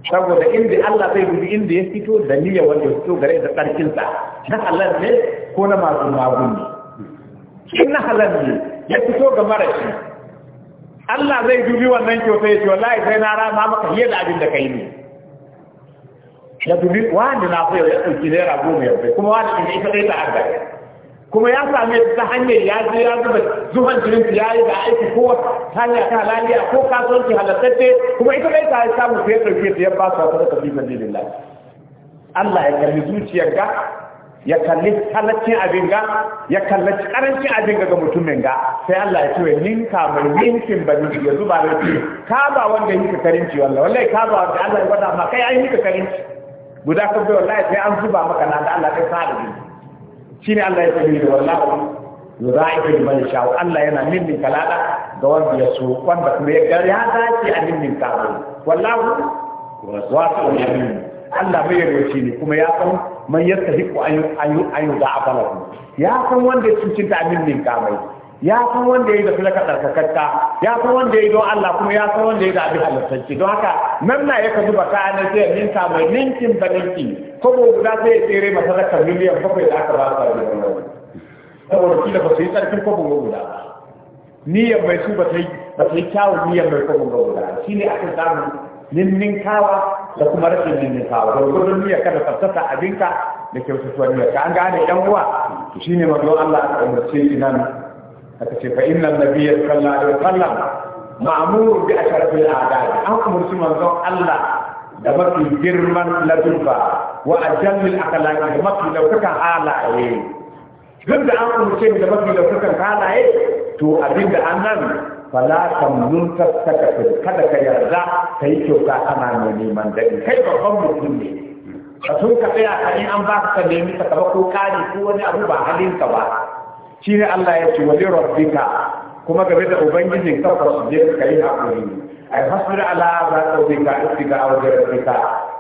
saboda inda Allah zai gudu inda ya fito da niyya wanda ya fito gare da sa na halal ne ko na masu magun ne in na halal ne ya fito ga marashi Allah zai dubi wannan kyautai, ce wallahi sai na rama maka fiye da abin da kai ne ya dubi wanda na so ya ɗauki naira goma ya bai kuma wanda ne ita ɗaya ta arba'in kuma ya same ta hanyar ya je ya zuba zuban jirin ya yi da aiki ko hanya ta halaliya ko kasuwanci halattacce kuma ita ɗaya ta samu sai ya ɗauke ta ya ba su wata da kafin Allah ya karbi zuciyar ga ya kalli halaccin abin ga ya kalli karancin abin ga mutumin ga sai Allah ya ce nin mai ba ni ya zuba ne ce ka ba wanda yake karinci wallahi wallahi ka ba wanda Allah ya gwada ma kai ai yake karinci guda ka bai wallahi sai an zuba maka na da Allah kai sa da shine Allah ya tafi da wallahi yuzaifu liman sha Allah yana nin kalada ga wanda ya so wanda kuma ya gari ya dace a ninnin ka wallahu wasu ne Allah bai yarda shi ne kuma ya san man yastahiqu an ayu ayu da afala ya san wanda ya cincinta ta min kamai ya san wanda ya yi da filaka tsarkakakka ya san wanda ya yi don Allah kuma ya san wanda ya yi da abin halittacci don haka nan na ya ka zuba kayan na sai ninka mai ninkin ba Ko ba guda sai ya tsere masa zaka miliyan bakwai da aka ba su a Da wani saboda kila ba su yi tsarkin da. guda niyyar mai su ba ta yi kyawun niyyar mai kobo guda shi ne aka samu kawa da kuma rashin ninnikawa gudun niyya kada tsaftata abinka da kyautatuwa niyya ka an gane yan uwa to shine manzo Allah a umarce shi nan aka ce fa na nabiyya sallallahu alaihi wasallam ma'mur bi asharfil adab an umarci manzo Allah da mafi girman ladubba wa ajallil akhlaqi da mafi daukakan halaye duk da an umarce da mafi daukakan halaye to abinda nan? fala ka tattakafir kada ka yarda ka yi kyauta ana mai neman daɗi kai babban mutum ne ka sun ka tsaya ka in an ba ka nemi ka taba ko kare ko wani abu ba halin ka ba shi ne Allah ya ce wali rabbika kuma game da ubangijin ka su je ka yi hakuri ai hasbira ala za ta bi ka istiga aw rabbika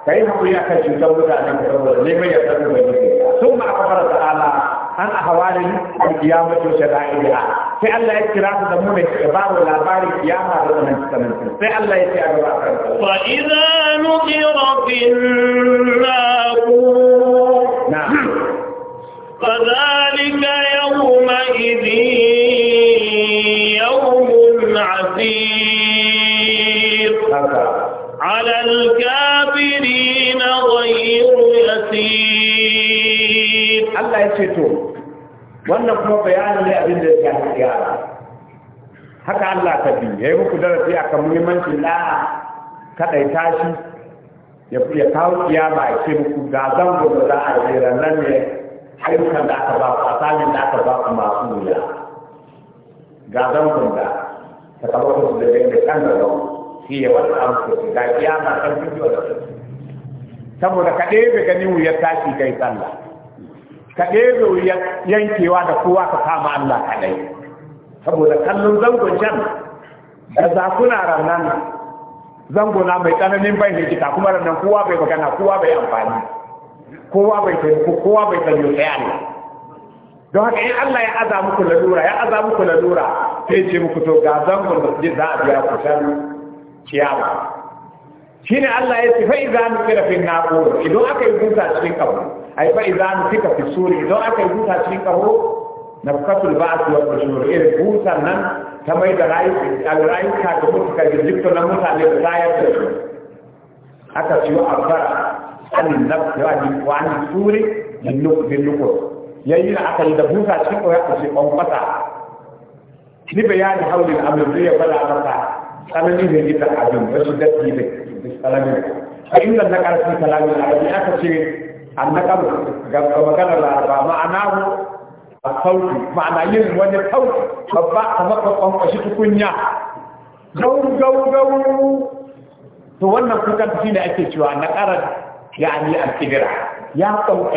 kai hakuri akan cutar mutane ka saboda neman yarda ubangijin ka sun ma akbar ta'ala an ahwalin al-qiyamah wa shara'iha sai Allah ya kira su da mu ne babu labarin kiyama da zaman sanan sai Allah ya ce a gaba fa idza nuqira bin na'am فذلك يومئذ يوم عسير على الكافرين غير يسير الله يسير wannan kuma bayanin ne abin da ya shafi yara haka Allah ta bi yayi muku darasi akan muhimmancin da kadai tashi ya ya kawo kiyama ya ce muku ga zango da za a yi nan ne ayyukan da aka ba ku asalin da aka ba ku masu wuya ga zangon da ta kawo ku da bai da kan da zango shi ya wata amsa ga kiyama kan fito da saboda ka ɗebe ganin wuyar tashi kai sallah ka ɗebe wuyan yankewa da kowa ka kama Allah kaɗai saboda kallon zangon can da zakuna rannan zangona mai tsananin bai hijita kuma rannan kowa bai magana kowa bai amfani kowa bai taimako kowa bai tsayo tsaya ne don haka in Allah ya aza muku lalura ya aza muku lalura sai ce muku to ga zangon da je za a biya ku can kiyama shine Allah ya ce fa idza kira fi naqur idan aka yi busa cikin kabari ai ba idan fika fi suri don aka yi buta cikin kaho na kasul ba su wa bashur irin butan nan ta mai da rayuka da mutu, da jikto na mutane da tayar da su aka ciwo a fara an nafsi wa an suri bin Ya yi da aka yi da buta cikin kaho ya kashe kwankwata ni bayani haulin amurzi ya fada masa tsananin da gita abin rashin daɗi da tsananin a inda na ƙarfi kalamin arabi aka ce annaqab ga magana laraba ma'anahu a sauti ma'ana yin wani sauti babba kamar ka shi kunya. gau gau gau to wannan kukan shi ne ake cewa na ƙarar ya ni kibira ya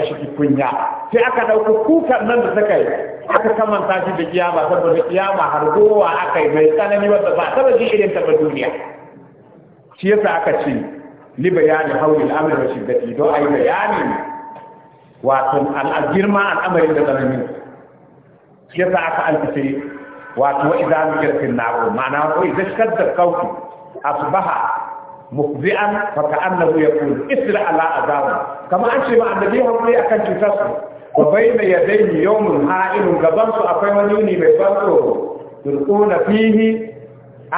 shi kunya. sai aka ɗauka kukan nan da suka yi aka kamanta shi da kiyama saboda kiyama har gowa aka yi mai tsanani wanda ba taɓa shi irin ba duniya shi yasa aka ce li bayani al-amr wa shiddati do ai bayani wato al'ajirma al'amarin da tsanani shi yasa aka alfice wato wa idza zikra fil ma'ana wa idza shadda qawfi asbaha mufzi'an fa ka'annahu yaqul isra ala azab kama an ce ma annabi hakuri akan cutar su wa bayna yadayhi yawmun ha'ilun gaban su akwai wani ne mai ban tsoro tulquna fihi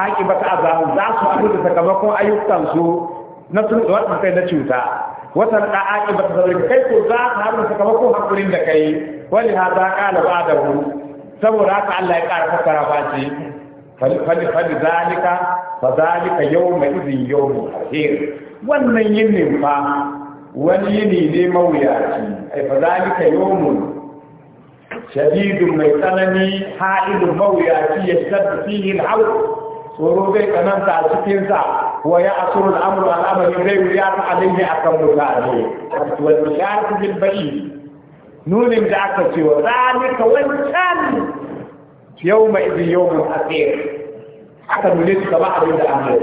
aqibata azab za su abu da sakamakon ayyukan su na tun da na cuta watan da aki ba ta zaure kai ko za ka haɗu sakamako hakurin da kai wani ha za ka ba da wuri saboda haka Allah ya ƙara fassara ba ce fali fali zalika fa zalika yawma idin yawmu akhir wannan wani ne mai tsanani mawuyaci tsoro zai a cikin sa wa ya asuru al'amuru al'amari zai wuya ta alaihi a kan mutane wani mutane su bin bashi nunin da aka ce wa zane ka wani mutane yau mai izin yau mai aka nune su kama abin da amur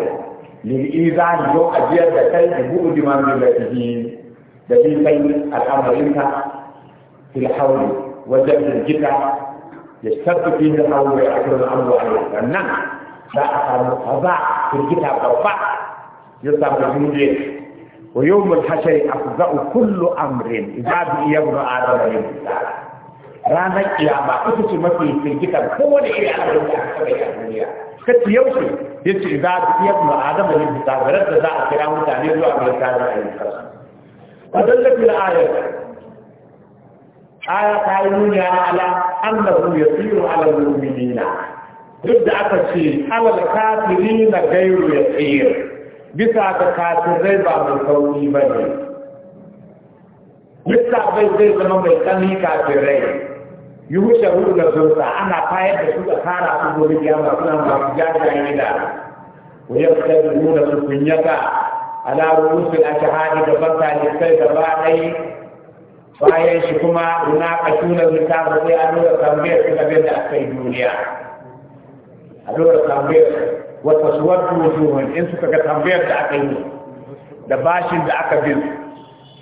lil'izani yau ajiyar da kai da buɗe dimamin da ji da bin bai al'amarinka wajen da gita ya sabbi bin da hauri a kan al'amuru al'amuru أخر مقضاء في الكتاب أربع يصاب بجنودين ويوم الحشر أفضاء كل أمر إذا بي يبنى آدم عليه السلام رانا قيامة أسس المسيح في الكتاب هو اللي إلي أمر كت يوشي يتش إذا بي يبنى آدم عليه السلام ورد ذا أكرام تاني يبنى آدم عليه السلام فدلت الآية آية, آية تعلمون على أنه يطير على المؤمنين duk da aka ce alal kafiri na gairu ya tsira bisa ga kafirai ba mai sauri ba ne bisa bai zai zama mai tsani kafirai yi wuce hudu na zurta ana fayar da su da kara su gobe kiyama suna masu jajayen gida ku yi fitar da nuna su kunyata ala rubutu a shahadi da banta ne sai da ba ɗai bayan shi kuma na kashunan littafin sai an nuna tambayar su da aka yi duniya lura tambayar wata suwar tuwon in suka ga tambayar da aka yi da bashin da aka bin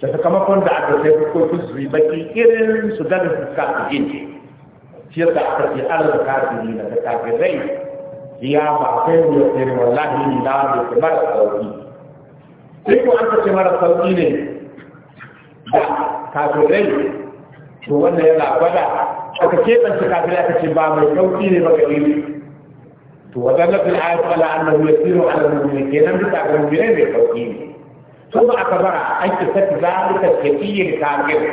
da sakamakon da aka sai ko su yi baki irin su gani su kasu jin shi yasa aka ce allah yi da kafirai ya ba kai ne irin wallahi ni na da ke mara sauki sai ko an ka ce mara sauki ne da kafirai to wannan yana gwada aka keɓance kafirai aka ce ba mai sauki ne ba ga yi وبدل في الآية قال أنه يسير على المؤمنين لم يتعلموا من أين يحكيني ثم أعتبر أن تسد ذلك الكثير كامل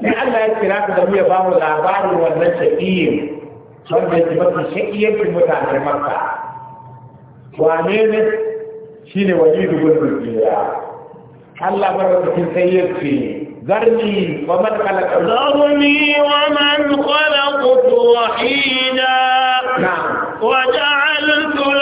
لأن الاعتراف لم يباه الآبار والمشكين ثم يجبك شيئا في متعلم مكة وأمينة شين وليد بن بجيرا الله مرد في سيد ذرني ومن خلق ذرني ومن خلقت وحيدا نعم وجعلت لا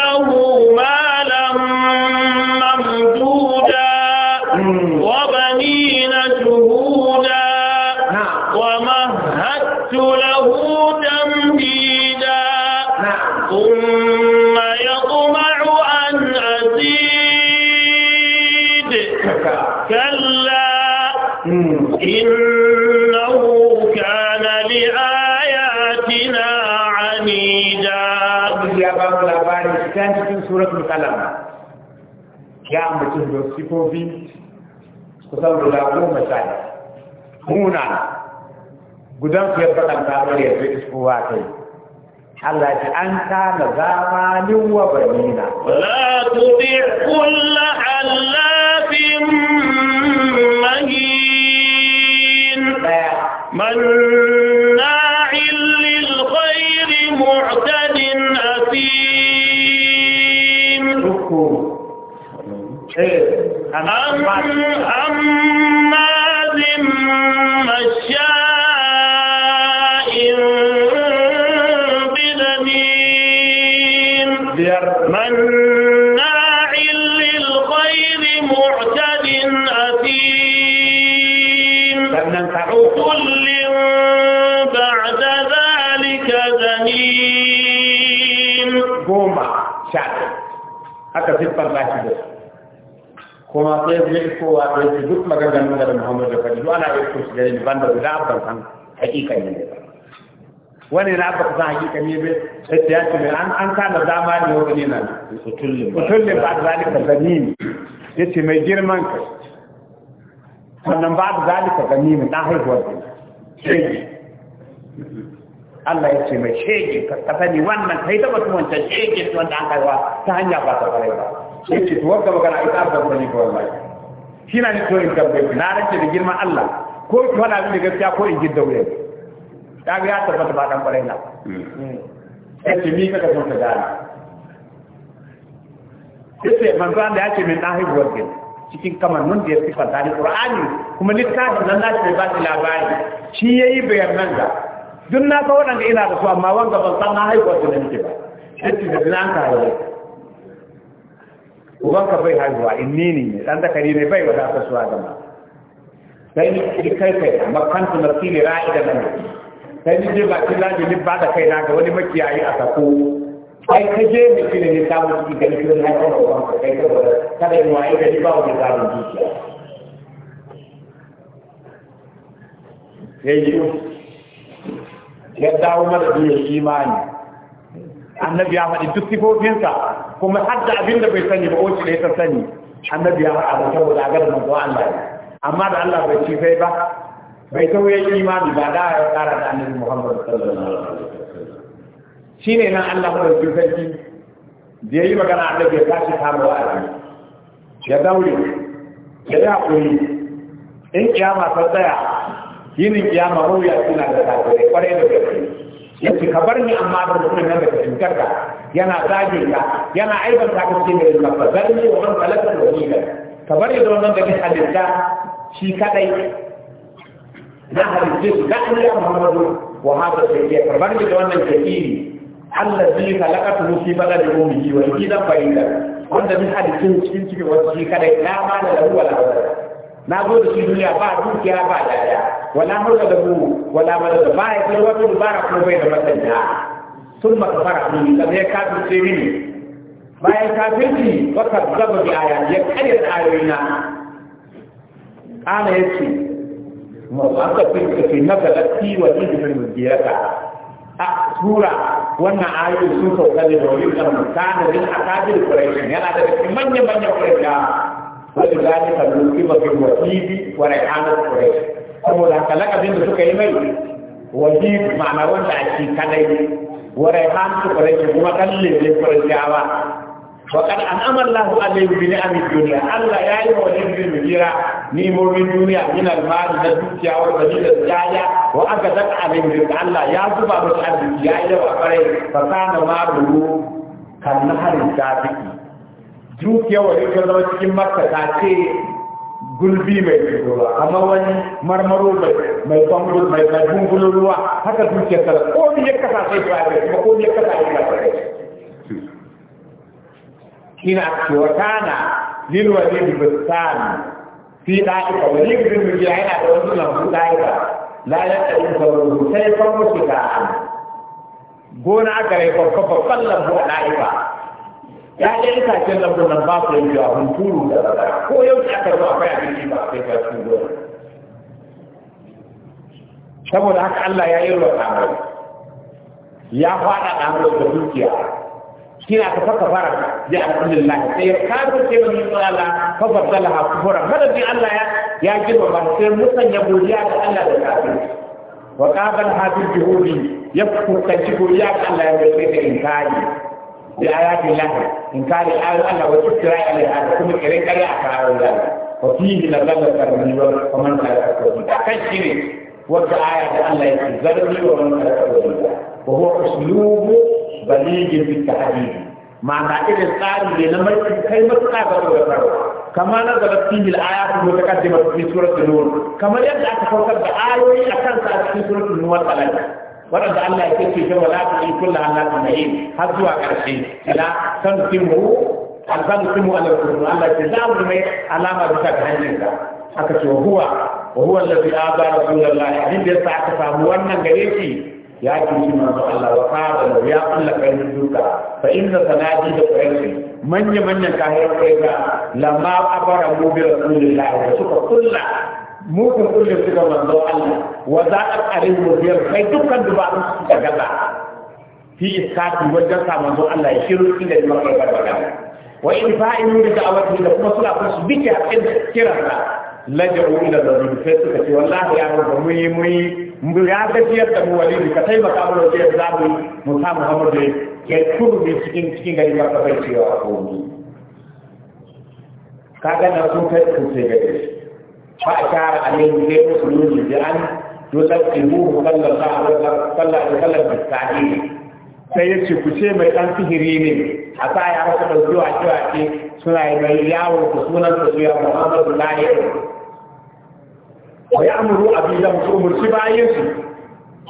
mutum da sifofi kusan guda goma sha muna gudan su ya faɗan kamar yanzu iskowa kai Allah ji an kana zamanin wa banina la tudi kullu halafin mahin haka siffar ba shi da su kuma sai zai iskowa da yake duk maganganun da Muhammadu ya faɗi duk ana isko su gare ni banda guda abban san hakika ne wani na abba san hakika ne bai sai ya ce an an kana dama ne wani ne nan utullin ba da zalika zanin yace mai girman kai sannan ba da zalika zanin na haihuwar shege Allah ya ce mai shege ka sani wannan kai da mutum wancan shege wanda an kaiwa ta hanya ba ta kare ba yace to wanda magana ita abda ko ne ko wallahi shi na ni to in na rance da girman Allah ko ki wala min da gaskiya ko in gidda wuya kaga ya tabbata ba dan kwarai na yace mi kaka son ka gane yace manzo Allah yace min dan haihuwar gani cikin kamar nun da ya fi fanta ni Qur'ani kuma littafin nan nashi bai ba shi labari shi yayi bayan nan da dun na ga waɗanda ina da su amma wanga ban san na haihuwar da nake ba yace da nan ka haihuwa ubanka bai haihuwa in ni ne dan zakari ne bai kasuwa da gama sai ni kai kai makantu nasili ra'idan nan sai ni je bakin laji ni ba da kai na ga wani makiyayi a sako kai ka je mai shi ne ne samun ki gani kiran haifar da ubanka kai ka wadar kada wa'i waye gani ba wani zaɓin zuciya ya yi ya dawo mara biyar imani annabi ya faɗi duk sifofinsa kuma har da abin da bai sani ba oci da ya sani annabi ya faɗa ba ga agar manzo Allah ne amma da Allah bai ci sai ba bai tauye imani ba da ya tsara da annabi Muhammad sallallahu alaihi wasallam ne nan Allah ba da sarki da yayi magana annabi ya tashi kama wa'azi ya daure ya yi hakuri in kiyama ta tsaya yinin kiyama ruya suna da kafirai kwarai da gaske yace ka bar ni amma da mutum nan daga cutar ka yana tsage ka yana aibanta ka cikin yi wa bar ni wannan talakar wahida ka bar ni da wannan daga halitta shi kadai na halitta na annabi Muhammadu wa hada sai ka bar ni da wannan kafiri Allah zai kalakatu mu fi bala da mu yi wa idan bayyana wanda min halittun cikin cikin wasu shi kadai Na ma da lahu wala hawla na gode da shi duniya ba dukiya ba daya wala murka da mu wala da ba ya kai wato dubara kuma bai da matsanta sun maka fara ni kamar ya ce mini bayan kafirci wata zaba bi aya ya karya da ayoyina kana ya ce ka fi kafi na galatti wa jijimin mujiyarka a tura wannan ayoyi sun sauka da domin kan mutane din akabir kurai yana da manyan manyan kurai وبذلك لقب بالوكيل وريحانة قريش saboda haka lakabin da suka yi mai wajib ma'ana wanda a ci kadai wa raihan su quraishi kuma kan lele quraishawa wa qad an'ama Allahu alayhi bi ni'amid dunya Allah ya yi wa wajib bi jira ni'imomin duniya min al-mal da dukiya wa da jaya wa aka zaka alayhi Allah ya zuba musu arziki ya yi wa qarai fa kana ma bulu kan naharin tafiqi dukiya wa ita zama cikin makka ta ce gulbi mai tsoro amma wani marmaro mai kwamfuro mai gungulun ruwa haka dukiyar ta ko ni ya kasa sai ba ne kuma ko ni ya kasa ya kasa shine ake wa kana lil walid bistan fi da'ika walid bin mujahid yana da wasu lambu da'ika la ya tsayin sauru sai kan musu da gona aka yi ko lambu a da'ika Ya ya'yan itacen lambun nan ba su yi yanzu a hunturu da rada ko yau da aka zo akwai abinci ba sai ka su zo saboda haka Allah ya yi ruwa tsamari ya faɗa tsamari da dukiya kina ka faka fara bi alhamdulillah sai ya kafa ce wa min ala fa fadala ha kufura kada Allah ya ya girma ba sai musanya godiya ga Allah da kafin wa qabala ha bi juhudi ya fuka ci ya ga Allah ya mai sai da inkari bi ayatin lahi إن كان إنكار أنا والافتراء على الآية كم كريم كريم أكار الله وفيه لبلغ الترمي ومن لا تركه تكشف وقت آية لا يتزرني ومن لا تركه وهو أسلوب بليغ في التحديد مع إذا الآن لنمر كلمة قادر وقدر كما نزلت فيه الآيات المتقدمة في سورة النور كما يبدأ تفوق الآية أكثر في سورة النور ثلاثة waɗanda Allah ya kace ta wala ta yi kullu Allah ta mai har zuwa ƙarshe ila san simu an san timu ala kullu Allah ta zamu mai alama da ta hanyar da aka ce huwa wa huwa allazi aza rasulullahi abin da yasa aka samu wannan gare shi ya kishi manzo Allah wa qala ya Allah kai duka fa inna salati da kai manya manya kahirar kai ga lamma abara mu bi rasulullahi suka kullu mugun kulle su ga manzo Allah wa za a ƙarin mubiyar kai dukkan dubarun su ga gaza fi iskafi wajen sa manzo Allah ya shiru inda ya mafi barbada wa in fa'in da da'awati da kuma suna kun su bike kira kan la sa laja'u ila zalim sai suka ce wallahi ya rabba mu yi mu yi mu ya gajiyar da mu wali ka taimaka mu da yadda zamu mu sa Muhammadu ya turbe cikin cikin gari mafi cewa komai kaga na sun kai sun sai ga shi فأشار عليه زيد بن بأن يلقبوه صلى الله عليه وسلم بالتعليم sai ya ce ku ce mai ɗan sihiri ne a sa ya rasa ɗauki wa cewa ce suna yi mai yawon ku sunan su ya muhammadu lahi wa ya amuru abin da su umurci bayan su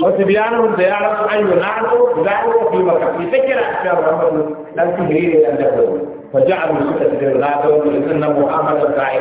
wasu biyanan da ya rasu an yi na'adu za a yi wa fi makafi ta kira a cewa muhammadu ɗan sihiri ne ɗan dafa wa ja'alu suka ce da zaɓa wani sun na muhammadu lahi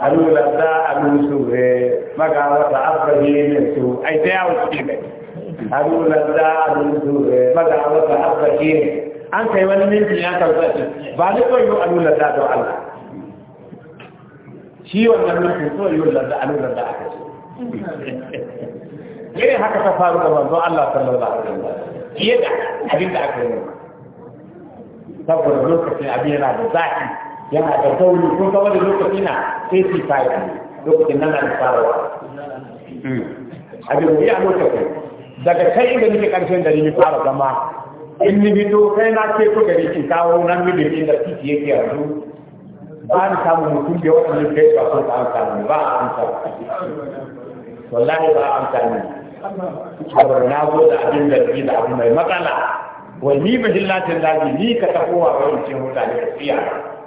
alu la da alu su he eh, maka wata afahi ne su ai da yawo cikin da alu la da alu su he eh, maka wata afahi ne an kai wani minti ya karɓa shi ba ni koyo alu la da don Allah shi wannan minti so yi la da alu la da aka ce ne haka ta faru da manzo Allah sallallahu alaihi wasallam yadda abin da aka yi saboda lokacin abin yana da zaki yana da tauri kun kama da lokaci na 85 lokacin nan na farawa hmm. abin da ya mota kai daga kai inda nake karshen da ni fara zama in ni bi to kai na ce ko gari ki kawo nan mi da inda yake yake yanzu ba ni samu mutum da ne kai ba ko ta amsa ba an amsa wallahi ba an amsa ne saboda na zo da abin da ni da abu mai matsala wai ni bahillatin laji ni ka tafowa ga wancan mutane da tsiya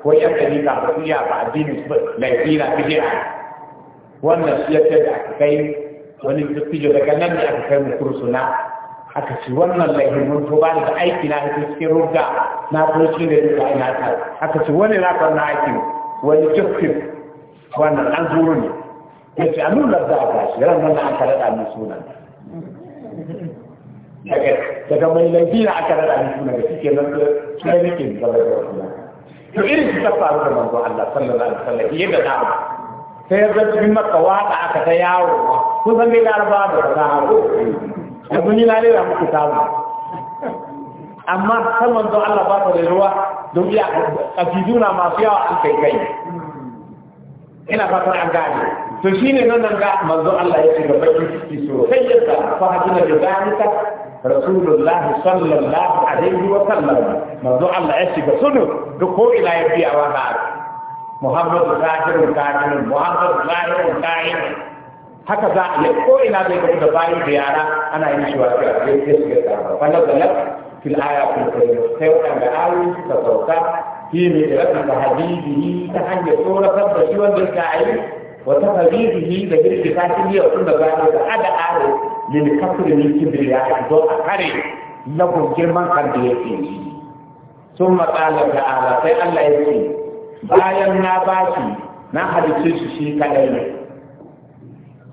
ko yan ɗarika ba su iya ba addinin su laifi na bid'a wannan shi ya ce da aka kai wani dattijo daga nan ne aka kai mu kursuna aka ci wannan laifin mun to ba da aiki na ita cikin rubda na toci da duka ina ta aka ci wani na kan na aiki wani cikin wannan an zuru ne ya ce a nuna da aka shi ran nan an kada da mu sunan daga mai laifi na aka rada mu sunan da suke nan da tsayin kin da da to irin ta faru da manzo Allah sallallahu alaihi wasallam yadda da sai ya zama cikin maka waka aka ta yawo kun san dai laraba da ta hawo da mun yi lalera muku samu amma ta manzo Allah ba ta da ruwa don iya kafiduna masu yawa an kai kai ina fatan an gane to shine nan nan ga manzo Allah ya ce da bakin ciki so sai ya ta fa hadina da zalika rasulullahi sallallahu alaihi wa sallam manzo Allah ya shiga sunu da ko ina ya biya wa ha Muhammadu zahirin kafirin Muhammadu zahirin kafirin haka za a ko ina zai gaba da bayan da yara ana yin da wasu a cikin sai shiga tsara wanda zalar fil aya sauka ta hanyar tsoratar da shi wanda ya wata hadisi yi da girki ta ci yau tun da bayan da ada aro ne da kafin ne ki bi ya zo a kare na ko girman kan da yake yi ma matsala ga ala sai Allah ya ce bayan na ba shi na hadisi shi shi kadai ne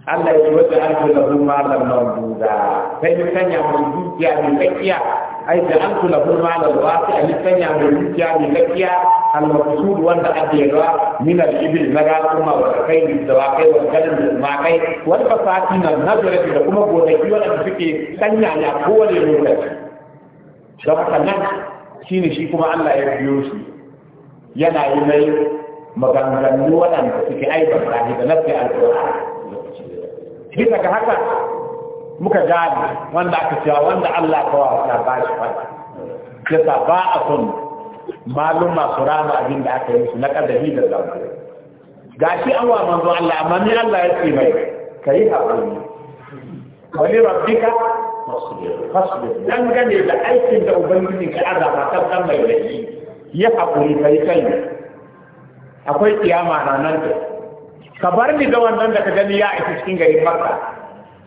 Allah ya ce wata alfu da ruwa da nan duda sai mun sanya mun dukiya mun kakkiya ai da an kula kun ma da ba sai an sanya da rijiya mai lafiya al-maqsud wanda ake ga min al-ibil na ga kuma wa kai da wakai kai wa da ma kai wal fasati na nazarati da kuma gonaki wanda suke sanya ya kowane lokaci da haka nan shi ne shi kuma Allah ya biyo shi yana yi mai maganganu wadanda suke aibar da na al-Qur'an bisa ga haka muka gane wanda aka cewa wanda Allah ta wata ba shi ta ba a son malum masu rama abin da aka yi su na kadari da Ga shi an wa manzo Allah amma ni Allah ya ce mai kai haƙuri wani rabbika fasbir dan gane da aikin da ubangiji ka azaba ta mai laifi ya haƙuri yi kai akwai kiyama na nan ka bar ni da wannan da ka gani ya aiki cikin garin Makka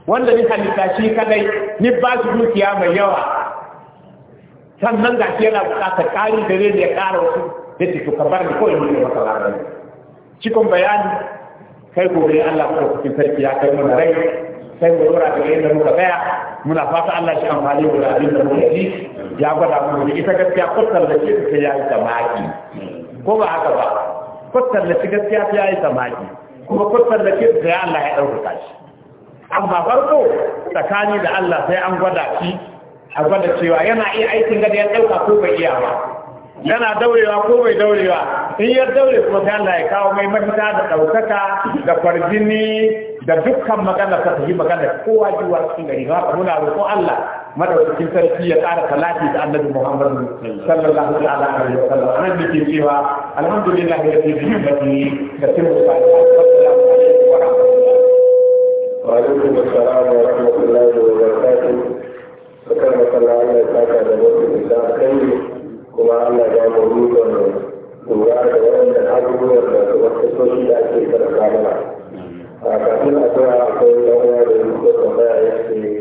wanda ni halitta shi kadai ni ba su dukiya mai yawa sannan ga shi yana bukatar ƙari da zai ya ƙara wasu da ke ka bar ni kawai mutum masu labarai cikon bayani kai gobe Allah ku kuke sarki ya kai mana rai sai mu dora da yadda muka tsaya muna fata Allah shi amfani da abin da muka ji ya gwada mu da ita gaskiya kwattar da shi ta ya yi samaki ko ba haka ba kwattar da shi gaskiya ta ya yi samaki kuma kwattar da shi ta ya Allah ya ɗaukaka shi amma farko tsakani da Allah sai an gwada shi a gwada cewa yana iya aikin gada ya ɗauka ko bai iya ba yana daurewa ko bai daurewa in ya daure kuma sai Allah ya kawo mai mafita da ɗaukaka da kwarjini da dukkan magana ta tafi magana kowa jiwa cikin gari ba muna roƙon Allah madaukakin sarki ya ƙara salati da annabi Muhammad sallallahu alaihi wa sallam annabi ke cewa ya ce bi da da sa'a وعليكم السلام ورحمة الله وبركاته وكما صلى الله تعالى على نفس الإسلام خير وما أن جاء موجودا وعلى وأن الحمد والخصوص إلى أجل بركاته فكثير أدعى أقول لهم للمخلص ما يحكي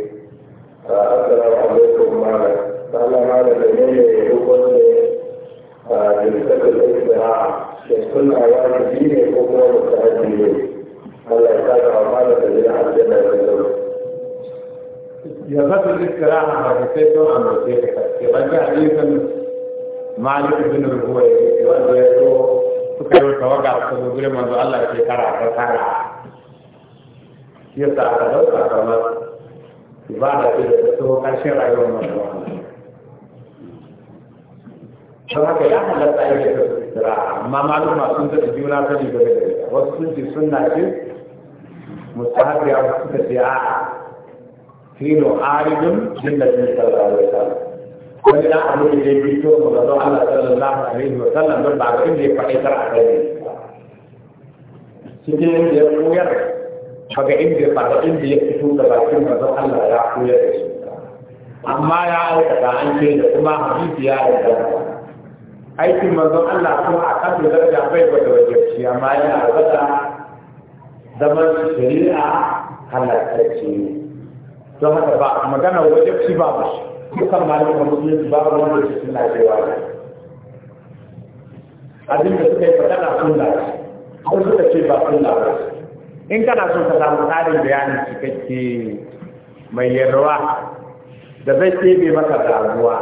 السلام عليكم معنا فأنا معنا بنيه يقول لي للسبب الإسلام يكون أوان ديني وهو Allah ya saka amana da yin aljanna da yau ya zata zikira a hadisai don amurce ka kaske wanda hadisan malik bin ruhuwa ya wanda ya zo suka yi tawaga su zo gurin manzo Allah shekara ta tara yasa aka dauka kamar ibada ce da ta ya halatta aiki da su amma maluma sun zaɗi a mustahabiya suka ce a'a filo aridun lillahi sallallahu alaihi wasallam wani dan abu da ya fito mu ga don Allah sallallahu alaihi wasallam don ba abin da ya faɗi tar a kai cikin ya koyar kaga inda fara inda ya fito da bakin manzon Allah ya koyar da shi amma ya aikata an ce da kuma hadisi ya yi aikata aikin manzon Allah kuma a kan daraja bai gwada wajen shi amma yana gwada zaman shari'a halattacce ne don haka ba magana wajen shi ba ba dukkan malamin musulunci ba ba wanda su suna cewa ne abin da suka yi kana magana sunna ko suka ce ba sun da ba in kana so ka samu tsarin bayanin cikakke mai yarwa da zai ɗebe maka damuwa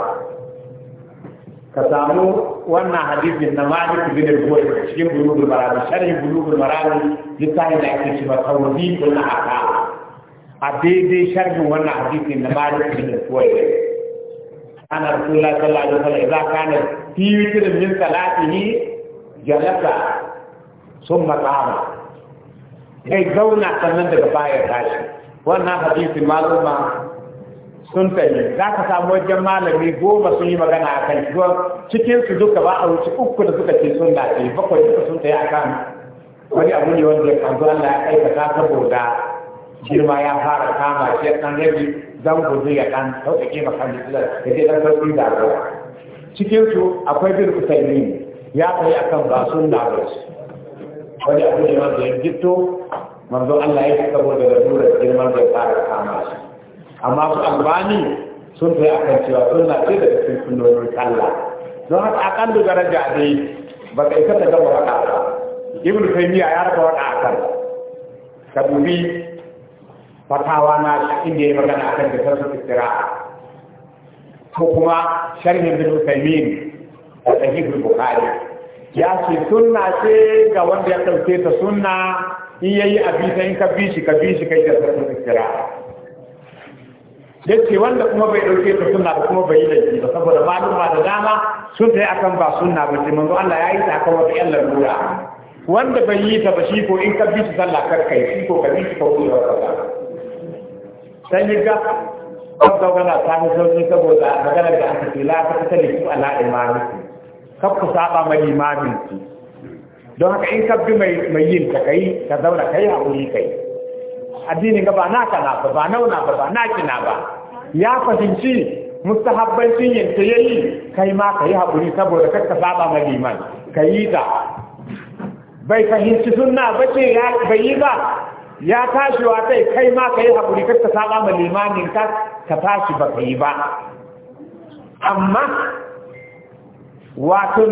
ka samu wannan hadisi na Malik bin al-Huwayr cikin bulugul marami sharhin bulugul marami littafin da ake cewa tawdi kun haka a daidai sharhin wannan hadisi na Malik bin al-Huwayr ana Rasulullah sallallahu alaihi wasallam idza kana fi witrin min salatihi jalasa summa qama kai zauna sannan daga baya tashi wannan hadisin maluma sun tafi za ka samu wajen malami goma sun yi magana a kan shi cikin su duka ba a wuce uku da suka ce sun dace bakwai duka sun tsaye a kan wani abu ne wanda ya kanzu Allah ya aikata saboda girma ya fara kama shi ya kan rabi zan guzu ya kan sauƙaƙe jikilar da ke dan sauƙi da ruwa cikin su akwai bin usaini ya a kan ba sun da wani abu ne wanda ya gito manzo Allah ya saboda da girman da ya fara kama shi amma su albani sun fi akan cewa na ce da cikin sunnonin kalla don haka akan dogara da dai ba ka isa ta gaba wada ba ibnu taymiya ya raba a akan ka dubi fatawa na inda ya magana akan da sarfa tsira ko kuma sharhin ibnu taymiya da sahih bukhari ya ce sunna ce ga wanda ya dauke ta sunna in yayi abita in ka bi shi ka bi shi kai da sarfa tsira yace wanda kuma bai dauke ta sunna da kuma bai laifi ba saboda malum ba da dama sun sai akan ba sunna ba sai manzo Allah ya yi ta akan wata yallar lura wanda bai yi ta ba shi ko in ka bi shi sallah kar kai shi ko ka bi shi ko ku yi sai ni ga kwanta gana ta fi ne saboda magana da aka ce la ta ta ku ala imani ka ku saba ma imani don haka in ka bi mai yin ta kai ka zauna kai haƙuri kai addinin ga ba naka na ba ba nauna ba ba naki na ba ya fahimci mustahabbancin ya yayi kai ma kai hakuri saboda kakka saba ma liman kai da bai fahimci sunna ce ya bai yi ba ya tashi wa kai kai ma kai hakuri kakka saba ma limanin ka ka tashi ba kai ba amma wato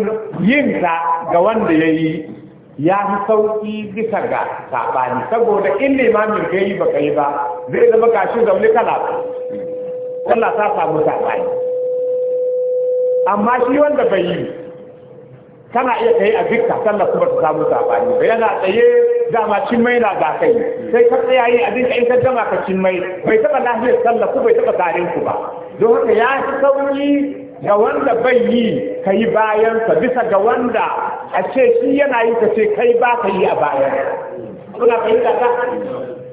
yin ta ga wanda yayi ya fi sauƙi bisa ga saɓani saboda in limamin ka yi baka yi ba zai zama ga shi zaune kala ta samu saɓani amma shi wanda bai yi kana iya kai a dukka sallah kuma ta samu saɓani ba yana tsaye dama cin mai na ga kai sai ka tsaye yi a dinka ita ka gama ka cin mai bai taɓa lafiyar sallah ku bai taɓa tarin ku ba don haka ya fi sauƙi ga wanda bai yi ka yi bayansa bisa ga wanda a ce shi yana yi ka ce kai ba ka yi a bayan suna fahimta ta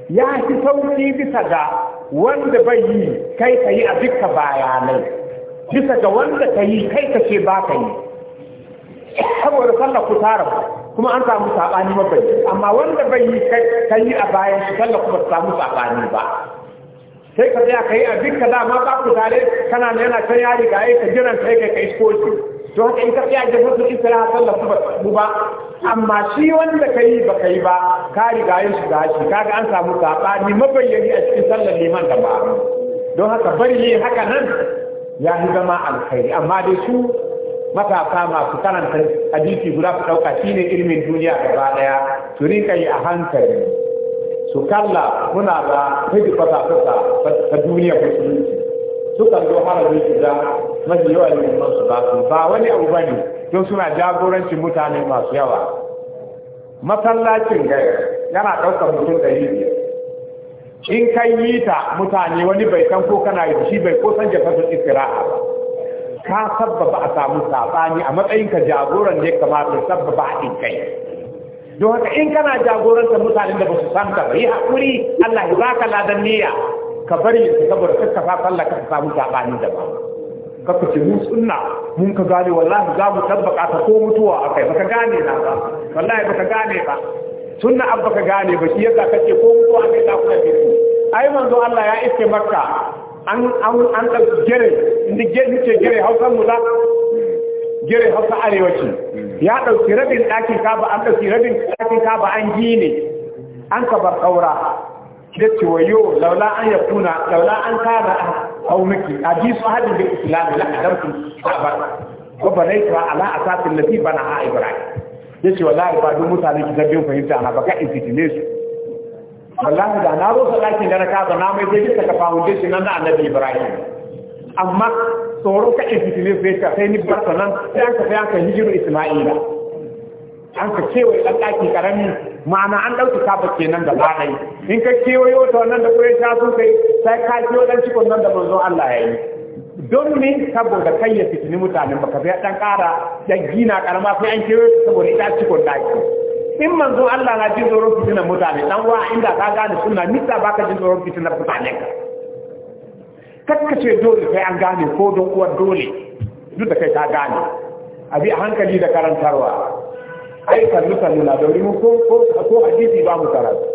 ya fi sauki bisa ga wanda bai yi kai ka yi a duka bayanai bisa ga wanda ka yi kai ka ce ba ka yi saboda sallar ku tara kuma an samu saɓani mabai amma wanda bai yi kai ka yi a bayan shi sallar kuma samu saɓani ba sai ka tsaya kai a dukkan dama ba ku tare kana ne yana can yari ga aika jiran kai kai kai skoci to haka in ka tsaya da wasu isra sallah ba mu ba amma shi wanda kai ba yi ba ka riga yin shiga shi kaga an samu ni mabayyani a cikin sallar liman da ba don haka bari yi haka nan ya yi zama alkhairi amma dai su matasa masu karanta hadisi guda su ɗauka shine ilimin duniya gaba ɗaya su rinka yi a hankali su kalla muna da fata fata ta duniya musulunci kan zo harajin su da mafi yawa mun su ba su ba wani abu bane don suna jagorancin mutane masu yawa masallacin gaya yana ɗaukar mutum ɗari biyar in kai yi ta mutane wani bai san ko kana yi shi bai ko san jafasa istira'a ba ka sabbaba a samu saɓani a matsayin ka jagoran ne kamar kamata sabbaba haɗin kai don haka in kana jagorantar mutanen da ba su san ka ba yi haƙuri Allah ya ba ka ladan niyya ka bari su saboda kakka fa sallah ka samu sabani da ba ka ku ce mun sunna mun ka gane wallahi za mu tabbaka ta ko mutuwa akai baka gane na ba wallahi baka gane ba sunna abba ka gane ba shi yasa kace ko mutuwa akai za ku tafi ai manzo Allah ya iske makka an an an gere inda gere ce gere hausa mu da gere hausa arewaci ya ɗauki rabin ɗakin kaba an ɗauki rabin ɗakin kaba an gine an ka bar ƙaura da ce wayo laula an ya kuna laula an kana haunuki a ji su hadin da islami la adamtum sabar ko ba dai ta ala na fi bana a ibrahim yace wallahi ba duk mutane ki zabbin fahimta na baka infitine su wallahi da na rosa ɗakin da na kaba na mai zai ta ka foundation nan na annabi ibrahim amma tsoro ka in fitile sai ka sai ni bar nan sai an ka sai an ka hijiru isma'ila an ka kewaye dan daki karami ma'ana an dauki kaba kenan da dai in ka kewayo ta wannan da kurai ta su kai sai ka kewa dan cikon nan da manzon Allah ya yi don ne saboda kai ya fitini mutanen baka sai dan kara dan gina karama sai an kewayo saboda ita cikon daki in manzo Allah na jin tsoron fitinan mutane dan wa inda ka gane sunna mita baka jin tsoron fitinan mutanen ka kakkace dole sai an gane ko don uwar dole duk da kai ta gane abi a hankali da karantarwa ai kallu kallu na da mun ko ko ko hadisi ba mu karatu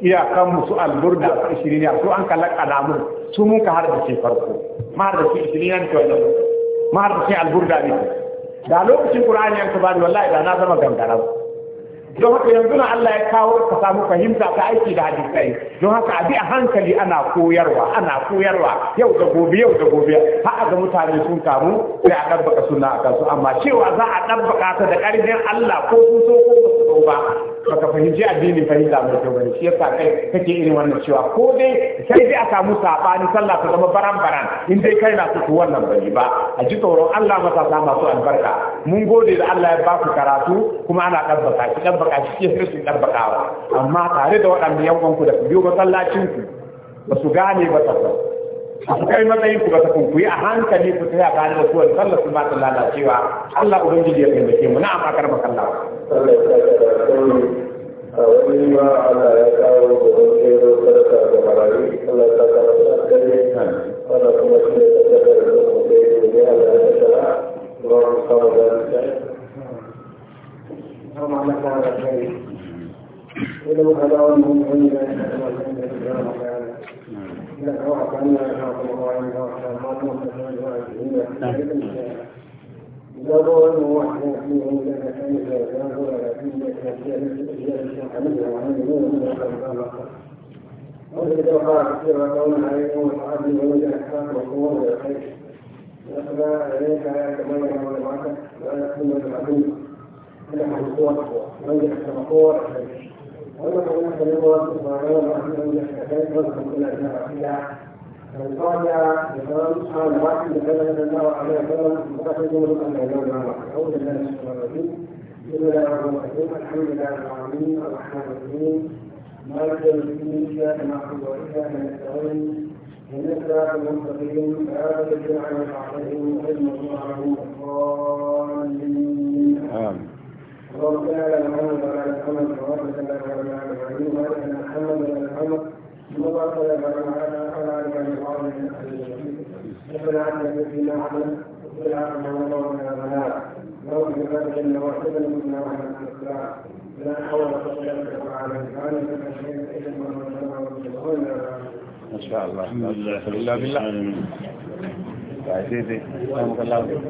iya kan su alburda 20 ya so an kalaka da su mun ka har da ce farko ma har da ce 20 ne to ma har da ce alburda ne da lokacin qur'ani an ka bani wallahi da na zama gangara don haka yanzu na Allah ya kawo ka samu fahimta ta aiki da hadisai don haka abi a hankali ana koyarwa ana koyarwa yau da gobe yau da gobe har a ga mutane sun karu sai a dabbaka suna a kansu amma cewa za a dabbaka ta da karfin Allah ko sun so ko ba su ba baka fahimci addini fahimta mai kyau bane shi yasa kai kake irin wannan cewa ko dai sai dai a samu sabani sallah ta zama baran baran in dai kai na su wannan bai ba a ji tsoron Allah matasa masu albarka mun gode da Allah ya ba ku karatu kuma ana dabbaka ki ɗarbaka cikin ke sai su amma tare da waɗanda yankunku da biyu masallacinku ba su gane ba ta a su kai matsayin ku ba ta kunku yi a hankali ku ta yaka da suwan sallar su ba ta lalacewa Allah ubangiji ya taimake mu na'am akar makalla wani ma Allah ya kawo da wani sadaka ga marayu Allah ta kawo Allah da da ya Allah ya Allah ya kawo da وما لك هذا الشيء ولو أدعونهم عند لك وعد أن يرحمكم الله إن رحمكم وتسلم الواجبين ضرورا وحدا فيهم لك كيف يزال ولكن لك كيف حمدا وعملوا من الخلق وجد وقع كثير قوم عليهم وصحابي ووجد احسان وقوه والخير يقضى عليك كما يقضى معك ولا يقضى بالعدو كلها عن الصور رجع الصور وإذا كنا سنرى وعلم أنه يحتاج رزقا إلى الجنة من قال لمن قال واحد لكذا صلى الله عليه وسلم متخذ من أن يدور مع أعوذ بالله من الشيطان الرجيم بسم الله الرحمن الرحيم الحمد لله رب العالمين الرحمن الرحيم مالك يوم الدين إياك نعبد وإياك نستعين إنك صراط المستقيم فلا تجعل عليهم غير مغضوب عليهم ولا الضالين آمين اللهم صل على محمد وعلى ال محمد كما صليت على ال ابراهيم وعلى ال محمد وعلى ال محمد ثم بارك على محمد وعلى ال محمد وعلى ال محمد ربنا عافنا فيما عملت وكل عافنا ومن عملنا اللهم بفضلك جل وعلا منا وعلى الاسلام لا حول ولا قوه الا بالله على ما شاء الله الحمد لله بالله عزيزي الله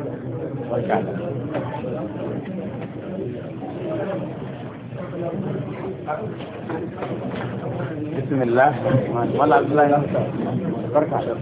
بسم الله ولا الله بركة